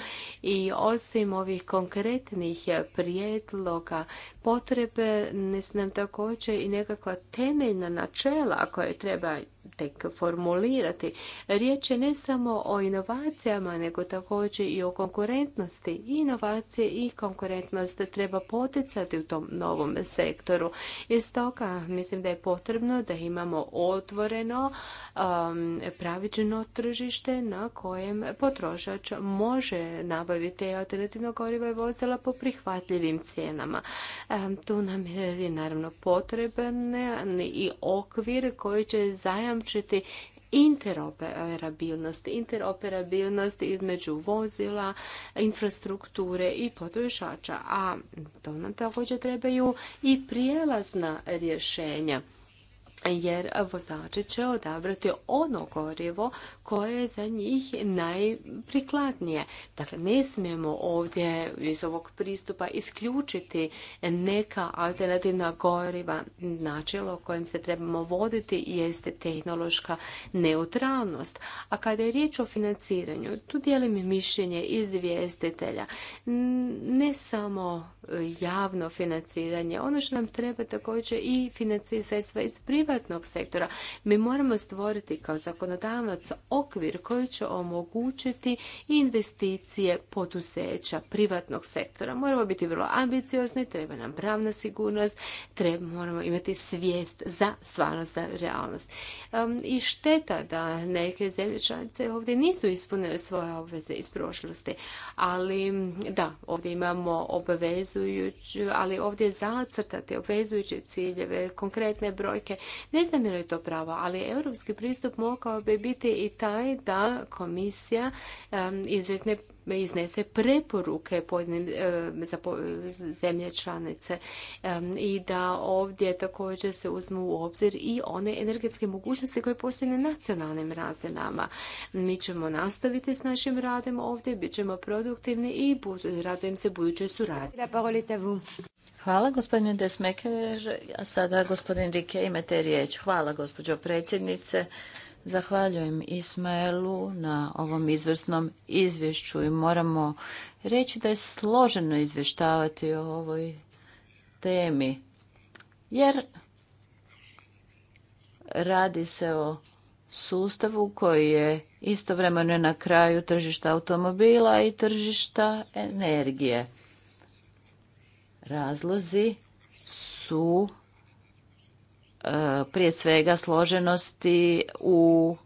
i osim ovih konkretnih prijedloga potrebe ne također i nekakva temeljna načela koje treba tek formulirati. Riječ je ne samo o inovacijama, nego također i o konkurentnosti. Inovacije i konkurentnost treba poticati u tom novom sektoru. I stoga mislim da je potrebno da imamo otvoreno um, pravično tržište na kojem potrošač može nabaviti alternativno gorivo i vozila po prihvatljivim cijenama. Um, tu nam je naravno potreban i okvir koji će zajam zajamčiti interoperabilnost, interoperabilnost između vozila, infrastrukture i potrošača, a to nam također trebaju i prijelazna rješenja jer vozači će odabrati ono gorivo koje je za njih najprikladnije. Dakle, ne smijemo ovdje iz ovog pristupa isključiti neka alternativna goriva. Načelo o se trebamo voditi jeste tehnološka neutralnost. A kada je riječ o financiranju, tu dijelim mišljenje izvjestitelja. Ne samo javno financiranje. Ono što nam treba također i financije sredstva iz privatnog sektora. Mi moramo stvoriti kao zakonodavac okvir koji će omogućiti investicije poduzeća privatnog sektora. Moramo biti vrlo ambiciozni, treba nam pravna sigurnost, treba, moramo imati svijest za stvarnost, za realnost. I šteta da neke zemlje članice ovdje nisu ispunile svoje obveze iz prošlosti, ali da, ovdje imamo obavezu obvezujući, ali ovdje zacrtati obvezujuće ciljeve, konkretne brojke. Ne znam je li to pravo, ali europski pristup mogao bi biti i taj da komisija izrekne iznese preporuke pojedinim e, za zemlje članice e, i da ovdje također se uzmu u obzir i one energetske mogućnosti koje postoje na nacionalnim razinama. Mi ćemo nastaviti s našim radom ovdje, bit ćemo produktivni i radujem se budućoj suradnji. Hvala gospodine Desmeker, a sada gospodin Rike imate riječ. Hvala gospođo predsjednice. Zahvaljujem Ismaelu na ovom izvrsnom izvješću i moramo reći da je složeno izvještavati o ovoj temi, jer radi se o sustavu koji je istovremeno na kraju tržišta automobila i tržišta energije. Razlozi su E, prije svega složenosti u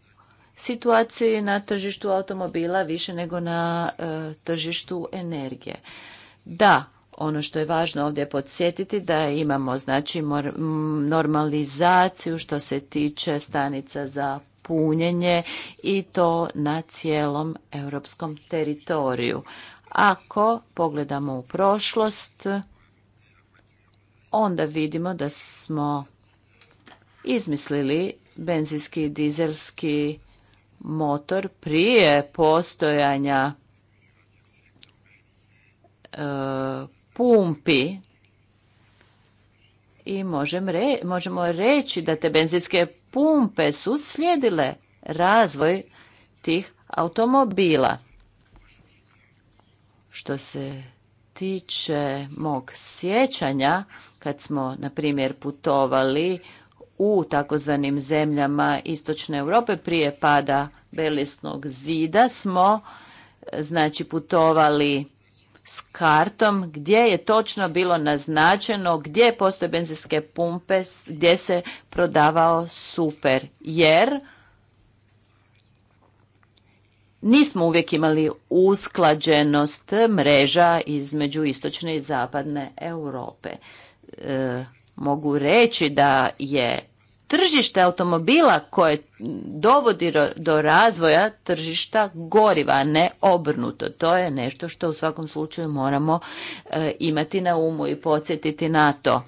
situaciji na tržištu automobila više nego na e, tržištu energije. Da, ono što je važno ovdje podsjetiti da imamo znači normalizaciju što se tiče stanica za punjenje i to na cijelom europskom teritoriju. Ako pogledamo u prošlost, onda vidimo da smo izmislili benzinski dizelski motor prije postojanja e, pumpi i možemo reći da te benzinske pumpe su slijedile razvoj tih automobila. Što se tiče mog sjećanja, kad smo, na primjer, putovali u takozvanim zemljama istočne Europe prije pada Belisnog zida smo e, znači putovali s kartom gdje je točno bilo naznačeno gdje postoje benzinske pumpe gdje se prodavao super jer nismo uvijek imali usklađenost mreža između istočne i zapadne Europe. E, mogu reći da je tržište automobila koje dovodi do razvoja tržišta goriva, a ne obrnuto. To je nešto što u svakom slučaju moramo e, imati na umu i podsjetiti na to.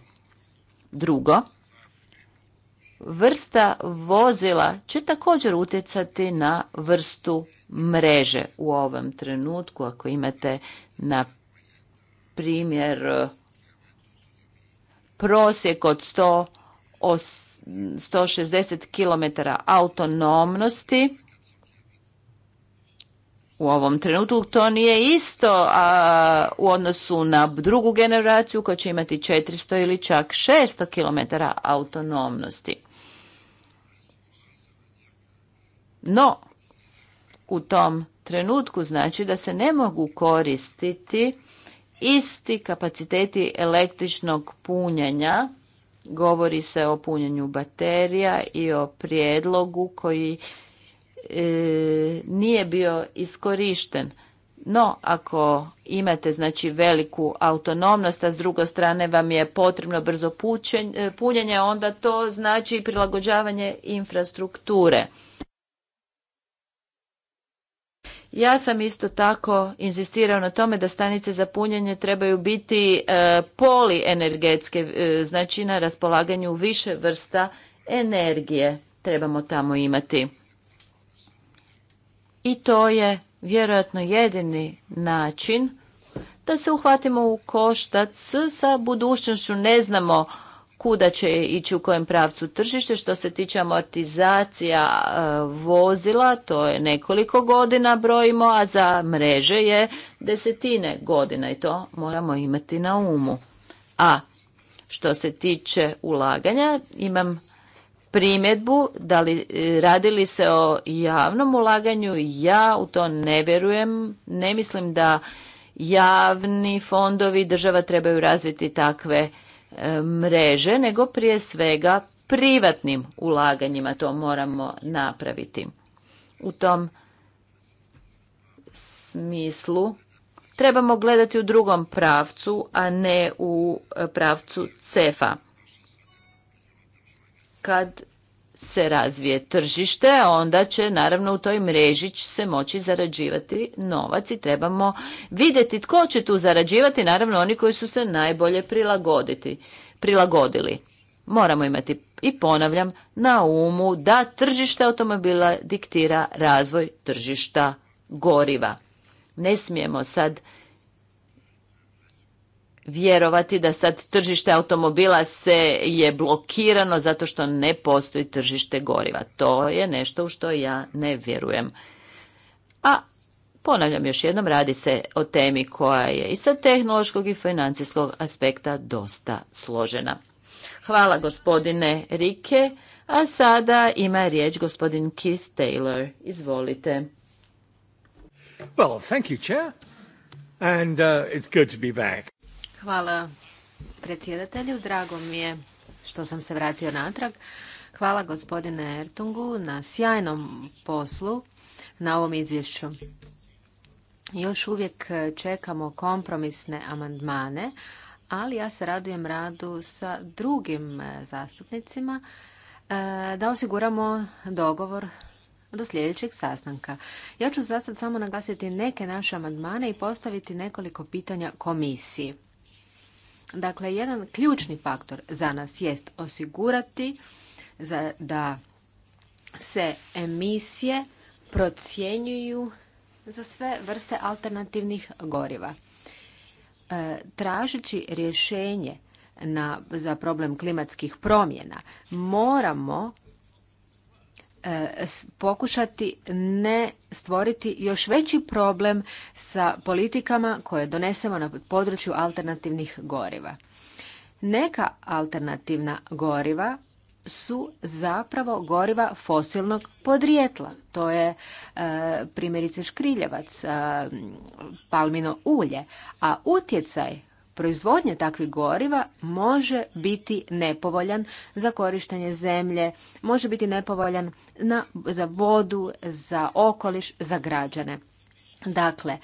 Drugo, vrsta vozila će također utjecati na vrstu mreže u ovom trenutku. Ako imate na primjer e, prosjek od sto 160 km autonomnosti u ovom trenutku to nije isto a, u odnosu na drugu generaciju koja će imati 400 ili čak 600 km autonomnosti. No, u tom trenutku znači da se ne mogu koristiti isti kapaciteti električnog punjenja Govori se o punjenju baterija i o prijedlogu koji e, nije bio iskorišten. No, ako imate znači veliku autonomnost, a s druge strane vam je potrebno brzo e, punjenje, onda to znači prilagođavanje infrastrukture. Ja sam isto tako inzistirao na tome da stanice za punjenje trebaju biti e, polienergetske, e, znači na raspolaganju više vrsta energije trebamo tamo imati. I to je vjerojatno jedini način da se uhvatimo u koštac sa budućnošću. Ne znamo kuda će ići u kojem pravcu tržište. Što se tiče amortizacija e, vozila, to je nekoliko godina brojimo, a za mreže je desetine godina i to moramo imati na umu. A što se tiče ulaganja, imam primjedbu da li e, radili se o javnom ulaganju, ja u to ne vjerujem, ne mislim da javni fondovi država trebaju razviti takve E, mreže, nego prije svega privatnim ulaganjima to moramo napraviti. U tom smislu trebamo gledati u drugom pravcu, a ne u e, pravcu cefa. Kad se razvije tržište, onda će naravno u toj mreži se moći zarađivati novac i trebamo vidjeti tko će tu zarađivati, naravno oni koji su se najbolje prilagoditi, prilagodili. Moramo imati i ponavljam na umu da tržište automobila diktira razvoj tržišta goriva. Ne smijemo sad vjerovati da sad tržište automobila se je blokirano zato što ne postoji tržište goriva. To je nešto u što ja ne vjerujem. A ponavljam još jednom, radi se o temi koja je i sa tehnološkog i financijskog aspekta dosta složena. Hvala gospodine Rike, a sada ima riječ gospodin Keith Taylor. Izvolite. Well, thank you, chair. And uh, it's good to be back. Hvala predsjedatelju. Drago mi je što sam se vratio natrag. Hvala gospodine Ertungu na sjajnom poslu na ovom izvješću. Još uvijek čekamo kompromisne amandmane, ali ja se radujem radu sa drugim zastupnicima e, da osiguramo dogovor do sljedećeg sastanka. Ja ću za sad samo naglasiti neke naše amandmane i postaviti nekoliko pitanja komisiji. Dakle, jedan ključni faktor za nas jest osigurati da se emisije procjenjuju za sve vrste alternativnih goriva. E, tražeći rješenje na, za problem klimatskih promjena moramo E, pokušati ne stvoriti još veći problem sa politikama koje donesemo na području alternativnih goriva. Neka alternativna goriva su zapravo goriva fosilnog podrijetla. To je e, primjerice škriljevac, e, palmino ulje, a utjecaj proizvodnje takvih goriva može biti nepovoljan za korištenje zemlje, može biti nepovoljan na, za vodu, za okoliš, za građane. Dakle,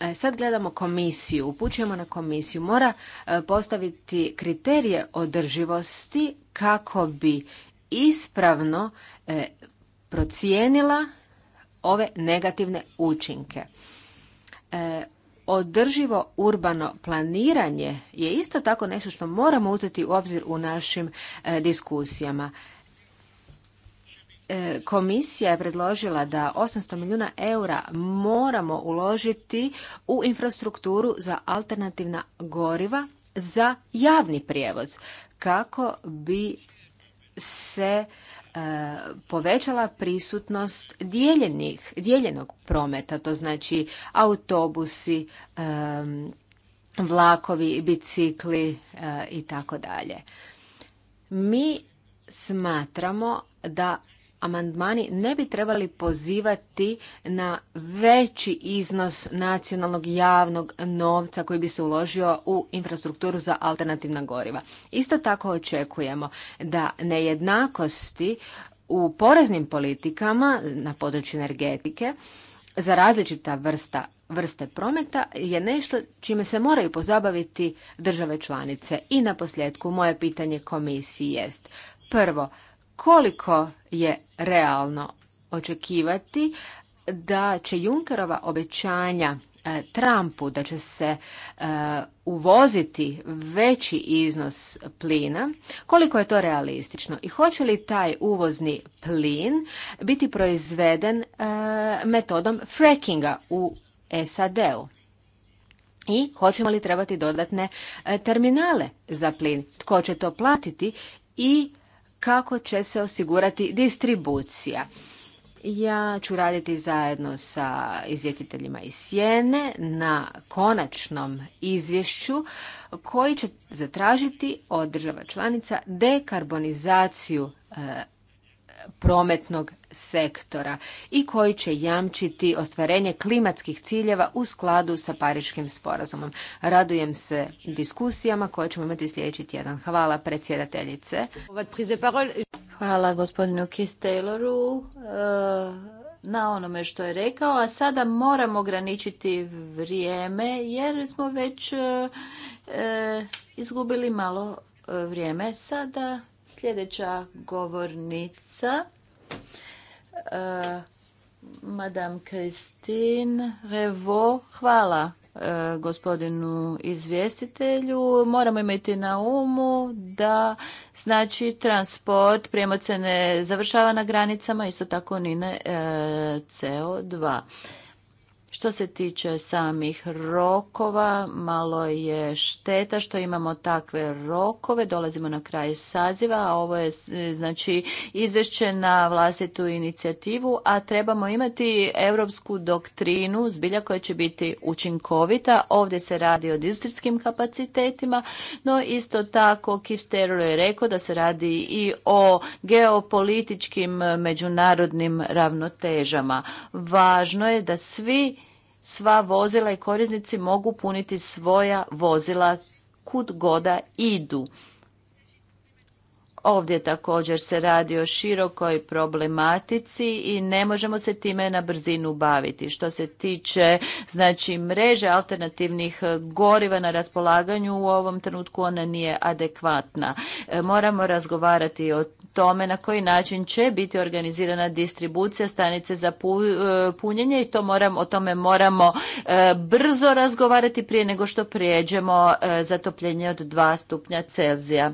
e, sad gledamo komisiju, upućujemo na komisiju, mora e, postaviti kriterije održivosti kako bi ispravno e, procijenila ove negativne učinke održivo urbano planiranje je isto tako nešto što moramo uzeti u obzir u našim e, diskusijama. E, komisija je predložila da 800 milijuna eura moramo uložiti u infrastrukturu za alternativna goriva za javni prijevoz kako bi se E, povećala prisutnost dijeljenih, dijeljenog prometa, to znači autobusi, e, vlakovi, bicikli e, i tako dalje. Mi smatramo da amandmani ne bi trebali pozivati na veći iznos nacionalnog javnog novca koji bi se uložio u infrastrukturu za alternativna goriva. Isto tako očekujemo da nejednakosti u poreznim politikama na području energetike za različita vrsta vrste prometa je nešto čime se moraju pozabaviti države članice. I na posljedku moje pitanje komisiji jest prvo, koliko je realno očekivati da će Junkerova obećanja e, Trumpu da će se e, uvoziti veći iznos plina, koliko je to realistično i hoće li taj uvozni plin biti proizveden e, metodom frackinga u SAD-u? I hoćemo li trebati dodatne terminale za plin? Tko će to platiti i kako će se osigurati distribucija. Ja ću raditi zajedno sa izvjestiteljima iz Sjene na konačnom izvješću koji će zatražiti od država članica dekarbonizaciju e, prometnog sektora i koji će jamčiti ostvarenje klimatskih ciljeva u skladu sa Pariškim sporazumom. Radujem se diskusijama koje ćemo imati sljedeći tjedan. Hvala predsjedateljice. Hvala gospodinu Keith Tayloru eh, na onome što je rekao, a sada moram ograničiti vrijeme jer smo već eh, izgubili malo eh, vrijeme. Sada sljedeća govornica Eh, Madame Christine Revo, hvala eh, gospodinu izvjestitelju. Moramo imati na umu da znači transport prijemoce ne završava na granicama, isto tako ni na eh, CO2. Što se tiče samih rokova, malo je šteta što imamo takve rokove. Dolazimo na kraj saziva, a ovo je znači izvješće na vlastitu inicijativu, a trebamo imati europsku doktrinu zbilja koja će biti učinkovita. Ovdje se radi o industrijskim kapacitetima, no isto tako Kistero je rekao da se radi i o geopolitičkim međunarodnim ravnotežama. Važno je da svi sva vozila i korisnici mogu puniti svoja vozila kud goda idu Ovdje također se radi o širokoj problematici i ne možemo se time na brzinu baviti. Što se tiče znači mreže alternativnih goriva na raspolaganju u ovom trenutku ona nije adekvatna. E, moramo razgovarati o tome na koji način će biti organizirana distribucija stanice za e, punjenje i to moram, o tome moramo e, brzo razgovarati prije nego što prijeđemo zatopljenje od dva stupnja Celzija.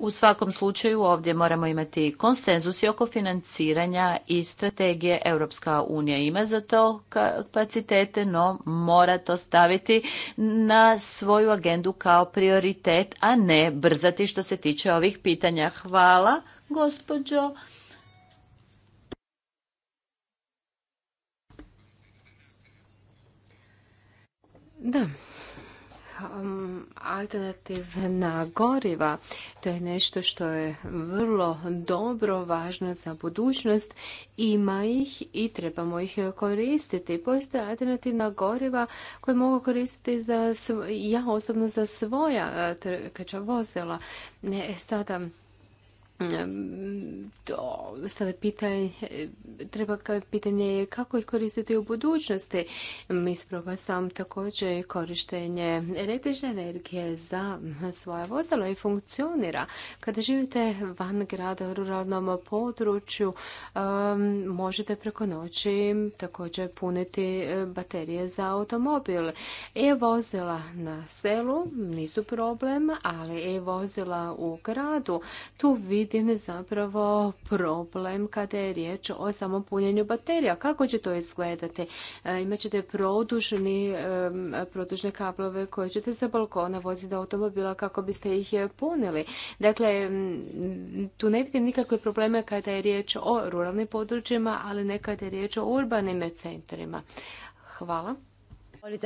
U svakom slučaju ovdje moramo imati konsenzus i oko financiranja i strategije Europska unija ima za to kapacitete, no mora to staviti na svoju agendu kao prioritet, a ne brzati što se tiče ovih pitanja. Hvala, gospođo. Da, Um, alternativna goriva. To je nešto što je vrlo dobro, važno za budućnost. Ima ih i trebamo ih koristiti. Postoje alternativna goriva koje mogu koristiti za, ja osobno za svoja uh, trkača vozila. Ne, sada to, sada pitanje, treba pitanje je kako ih koristiti u budućnosti. Isproba sam također korištenje električne energije za svoje vozilo i funkcionira. Kada živite van grada u ruralnom području, možete preko noći također puniti eh, baterije za automobil. E-vozila na selu nisu problem, ali e-vozila u gradu, tu vidite time zapravo problem kada je riječ o samopunjenju punjenju baterija. Kako će to izgledati? E, Imaćete produžni, produžne kablove koje ćete sa balkona voziti do automobila kako biste ih punili. Dakle, tu ne vidim nikakve probleme kada je riječ o ruralnim područjima, ali ne kada je riječ o urbanim centrima. Hvala. Hvala.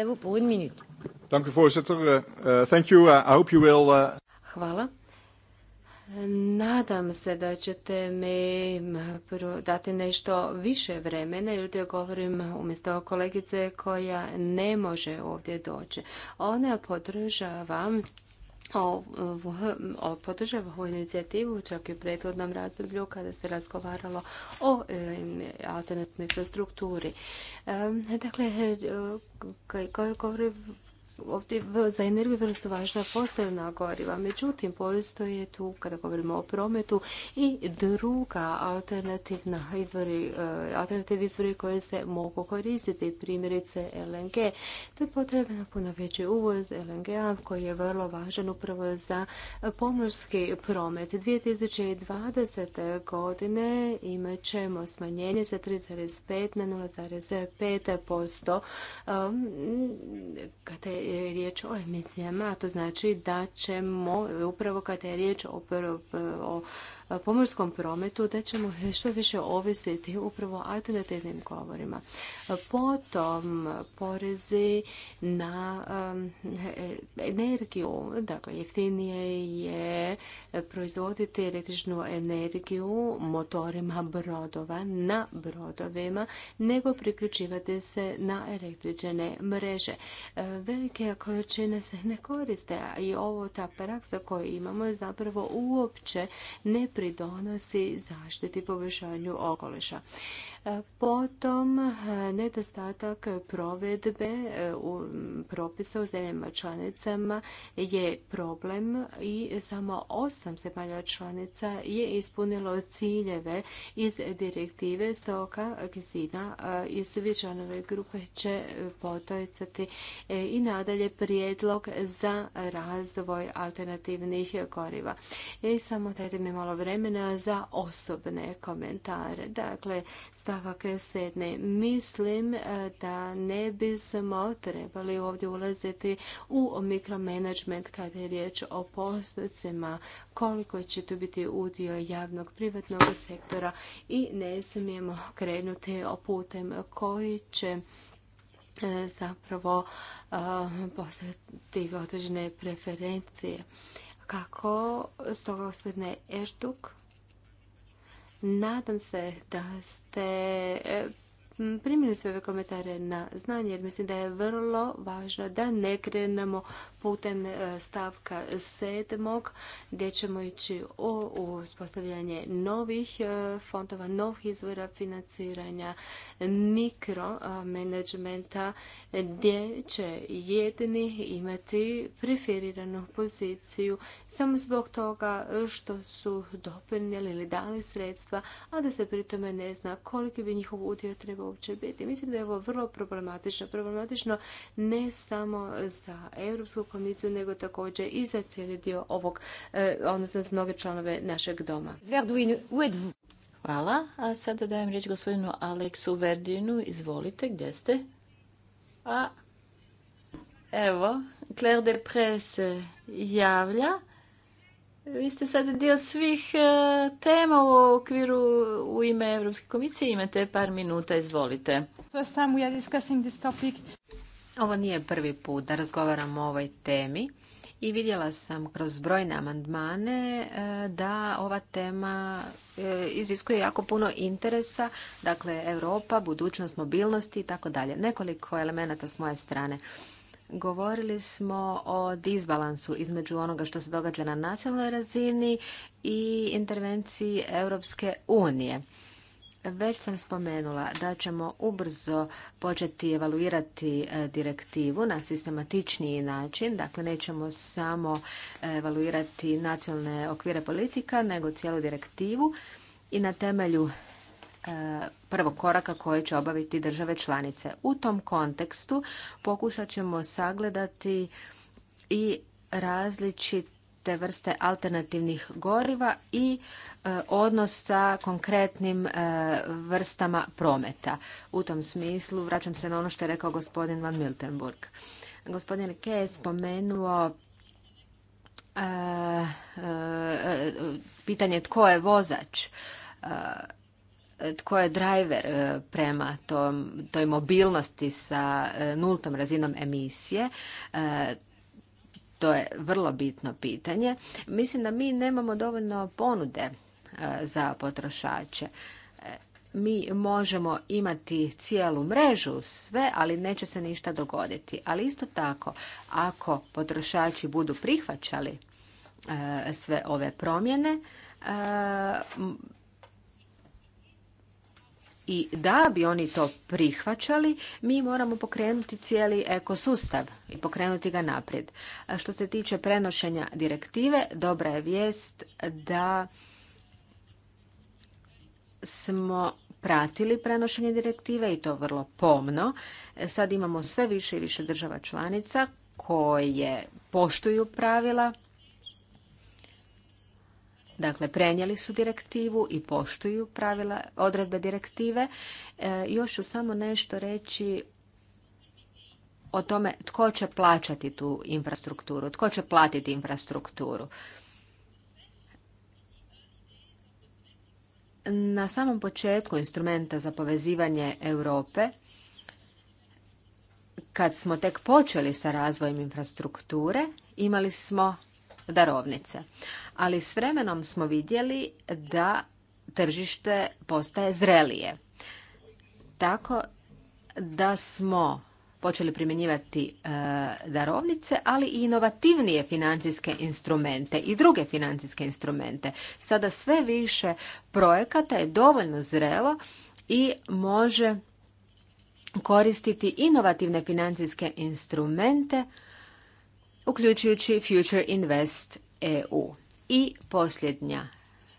Hvala. Nadam se da ćete mi dati nešto više vremena jer te govorim umjesto kolegice koja ne može ovdje doći. Ona podržava podržava ovu inicijativu čak i u prethodnom razdoblju kada se razgovaralo o e, alternativnoj infrastrukturi. E, dakle, e, koji govori ovdje za energiju vrlo su važna fosilna goriva. Međutim, postoje tu, kada govorimo o prometu, i druga alternativna izvori, e, alternativni izvori koje se mogu koristiti, primjerice LNG. To je potrebno puno veći uvoz LNG-a koji je vrlo važan upravo za pomorski promet. 2020. godine imat ćemo smanjenje sa 3,5 na 0,5 posto kada je riječ o emisijama, a to znači da ćemo upravo kada je riječ o, o E, pomorskom prometu, da ćemo što više ovisiti upravo alternativnim govorima. E, potom porezi na e, energiju, dakle jeftinije je proizvoditi električnu energiju motorima brodova na brodovima nego priključivati se na električne mreže. Velike količine se ne koriste i ovo ta praksa koju imamo je zapravo uopće ne pridonosi zaštiti poboljšanju okoliša. Potom eh, nedostatak provedbe eh, u propisa u zemljama članicama je problem i samo osam zemalja članica je ispunilo ciljeve iz direktive stoka gizina eh, i svi članove grupe će potojcati i nadalje prijedlog za razvoj alternativnih goriva. I samo dajte mi malo vremena za osobne komentare. Dakle, stavljamo stavak Mislim e, da ne bismo trebali ovdje ulaziti u mikromanagement kada je riječ o postocima, koliko će tu biti udio javnog privatnog sektora i ne smijemo krenuti putem koji će e, zapravo e, postaviti određene preferencije. Kako, stoga gospodine Erduk, Nadam se da ste e, Mm, primili sve ove komentare na znanje, jer mislim da je vrlo važno da ne krenemo putem e, stavka sedmog, gdje ćemo ići u uspostavljanje novih e, fondova, novih izvora financiranja, e, menadžmenta gdje će jedni imati preferiranu poziciju samo zbog toga što su doprinijeli ili dali sredstva, a da se pri tome ne zna koliki bi njihov udio trebao uopće biti. Mislim da je ovo vrlo problematično. Problematično ne samo za Europsku komisiju, nego također i za cijeli dio ovog, e, odnosno za mnoge članove našeg doma. Hvala. A sada dajem riječ gospodinu Aleksu Verdinu. Izvolite, gdje ste? A, evo, Claire de javlja. Vi ste sad dio svih e, tema u okviru u ime Europske komisije. Imate par minuta, izvolite. First Ovo nije prvi put da razgovaram o ovoj temi i vidjela sam kroz brojne amandmane e, da ova tema e, iziskuje jako puno interesa, dakle Europa, budućnost mobilnosti i tako dalje. Nekoliko elemenata s moje strane. Govorili smo o disbalansu između onoga što se događa na nacionalnoj razini i intervenciji Europske unije. Već sam spomenula da ćemo ubrzo početi evaluirati e, direktivu na sistematičniji način, dakle nećemo samo e, evaluirati nacionalne okvire politika, nego cijelu direktivu i na temelju prvog koraka koje će obaviti države članice. U tom kontekstu pokušat ćemo sagledati i različite vrste alternativnih goriva i e, odnos sa konkretnim e, vrstama prometa. U tom smislu vraćam se na ono što je rekao gospodin Van Miltenburg. Gospodin Ke je spomenuo e, pitanje tko je vozač tko je driver e, prema tom, toj mobilnosti sa e, nultom razinom emisije, e, to je vrlo bitno pitanje. Mislim da mi nemamo dovoljno ponude za potrošače mi možemo imati cijelu mrežu, sve, ali neće se ništa dogoditi. Ali isto tako, ako potrošači budu prihvaćali sve ove promjene, i da bi oni to prihvaćali, mi moramo pokrenuti cijeli ekosustav i pokrenuti ga naprijed. A što se tiče prenošenja direktive, dobra je vijest da smo pratili prenošenje direktive i to vrlo pomno. Sad imamo sve više i više država članica koje poštuju pravila Dakle, prenijeli su direktivu i poštuju pravila, odredbe direktive. E, još ću samo nešto reći o tome tko će plaćati tu infrastrukturu, tko će platiti infrastrukturu. Na samom početku instrumenta za povezivanje Europe, kad smo tek počeli sa razvojem infrastrukture, imali smo darovnice. Ali s vremenom smo vidjeli da tržište postaje zrelije. Tako da smo počeli primjenjivati e, darovnice, ali i inovativnije financijske instrumente i druge financijske instrumente. Sada sve više projekata je dovoljno zrelo i može koristiti inovativne financijske instrumente uključujući Future Invest EU. I posljednja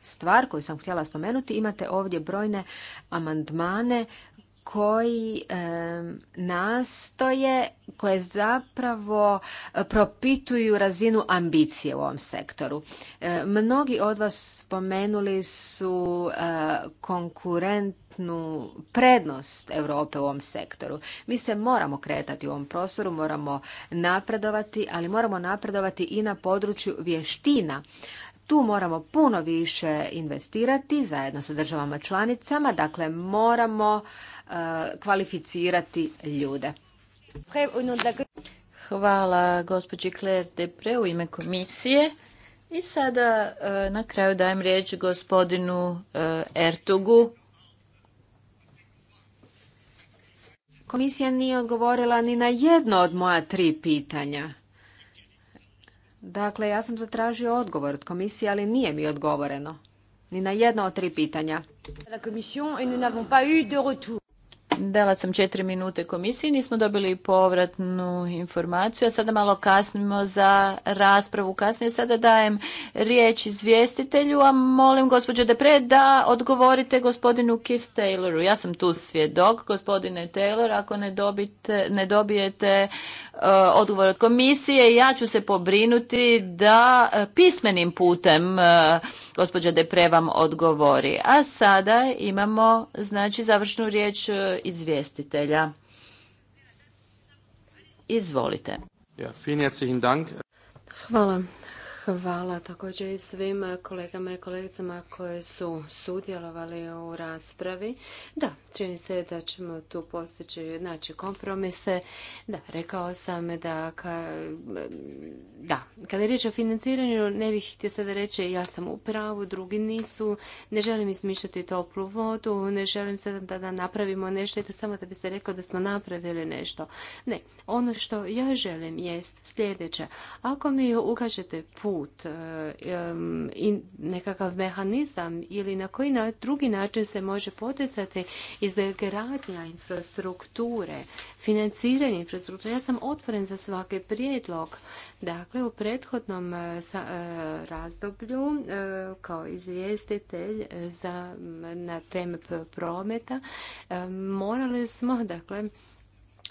stvar koju sam htjela spomenuti, imate ovdje brojne amandmane koji nastoje, koje zapravo e, propituju razinu ambicije u ovom sektoru. E, mnogi od vas spomenuli su e, konkurent prednost Europe u ovom sektoru. Mi se moramo kretati u ovom prostoru, moramo napredovati, ali moramo napredovati i na području vještina. Tu moramo puno više investirati zajedno sa državama članicama, dakle moramo e, kvalificirati ljude. Hvala gospođi Claire Depre u ime komisije. I sada e, na kraju dajem riječ gospodinu e, Ertugu Komisija nije odgovorila ni na jedno od moja tri pitanja. Dakle, ja sam zatražio odgovor od komisije, ali nije mi odgovoreno. Ni na jedno od tri pitanja. Dala sam četiri minute komisiji, nismo dobili povratnu informaciju, a sada malo kasnimo za raspravu. Kasnije sada dajem riječ izvjestitelju, a molim gospođe Depre da odgovorite gospodinu Keith Tayloru. Ja sam tu svjedok, gospodine Taylor, ako ne, dobite, ne dobijete e, odgovor od komisije, ja ću se pobrinuti da e, pismenim putem uh, gospođa Depre vam odgovori. A sada imamo znači završnu riječ izvjestitelja. Izvolite. Hvala. Hvala također i svim kolegama i kolegicama koje su sudjelovali u raspravi. Da, čini se da ćemo tu postići znači, kompromise. Da, rekao sam da, da, kada je riječ o financiranju, ne bih htio sada reći ja sam u pravu, drugi nisu, ne želim izmišljati toplu vodu, ne želim sada da, napravimo nešto, to samo da bi se reklo da smo napravili nešto. Ne, ono što ja želim jest sljedeće. Ako mi ukažete put, put, e, i nekakav mehanizam ili na koji drugi način se može poticati gradnja infrastrukture, financiranje infrastrukture. Ja sam otvoren za svaki prijedlog. Dakle, u prethodnom e, e, razdoblju kao izvjestitelj na teme prometa morali smo, dakle,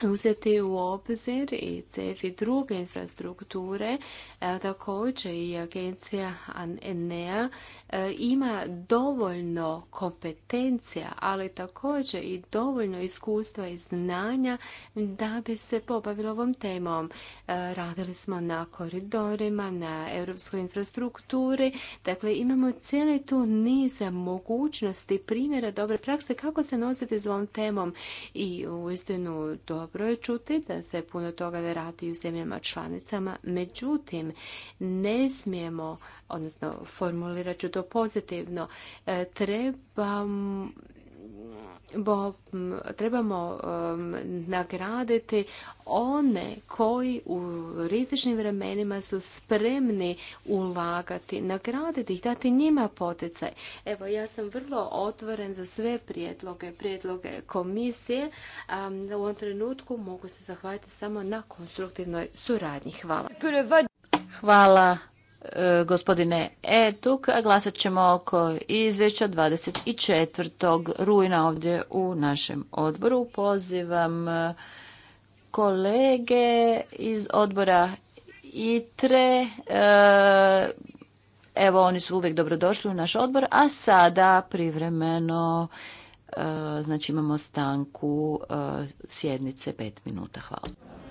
uzeti u obzir i i druge infrastrukture, e, također i agencija Enea e, ima dovoljno kompetencija, ali također i dovoljno iskustva i znanja da bi se pobavilo ovom temom. E, radili smo na koridorima, na europskoj infrastrukturi, dakle imamo cijeli tu niz mogućnosti, primjera dobre prakse kako se nositi s ovom temom i uistinu to dobro čuti da se puno toga ne radi u zemljama članicama, međutim ne smijemo, odnosno formulirat ću to pozitivno, e, treba bo trebamo nagraditi one koji u rizičnim vremenima su spremni ulagati, nagraditi ih, dati njima poticaj. Evo, ja sam vrlo otvoren za sve prijedloge, prijedloge komisije. Um, u ovom trenutku mogu se zahvaliti samo na konstruktivnoj suradnji. Hvala. Hvala E, gospodine Etuk, a glasat ćemo oko izvješća 24. rujna ovdje u našem odboru. Pozivam e, kolege iz odbora ITRE, e, evo oni su uvijek dobrodošli u naš odbor, a sada privremeno znači imamo stanku sjednice pet minuta. Hvala.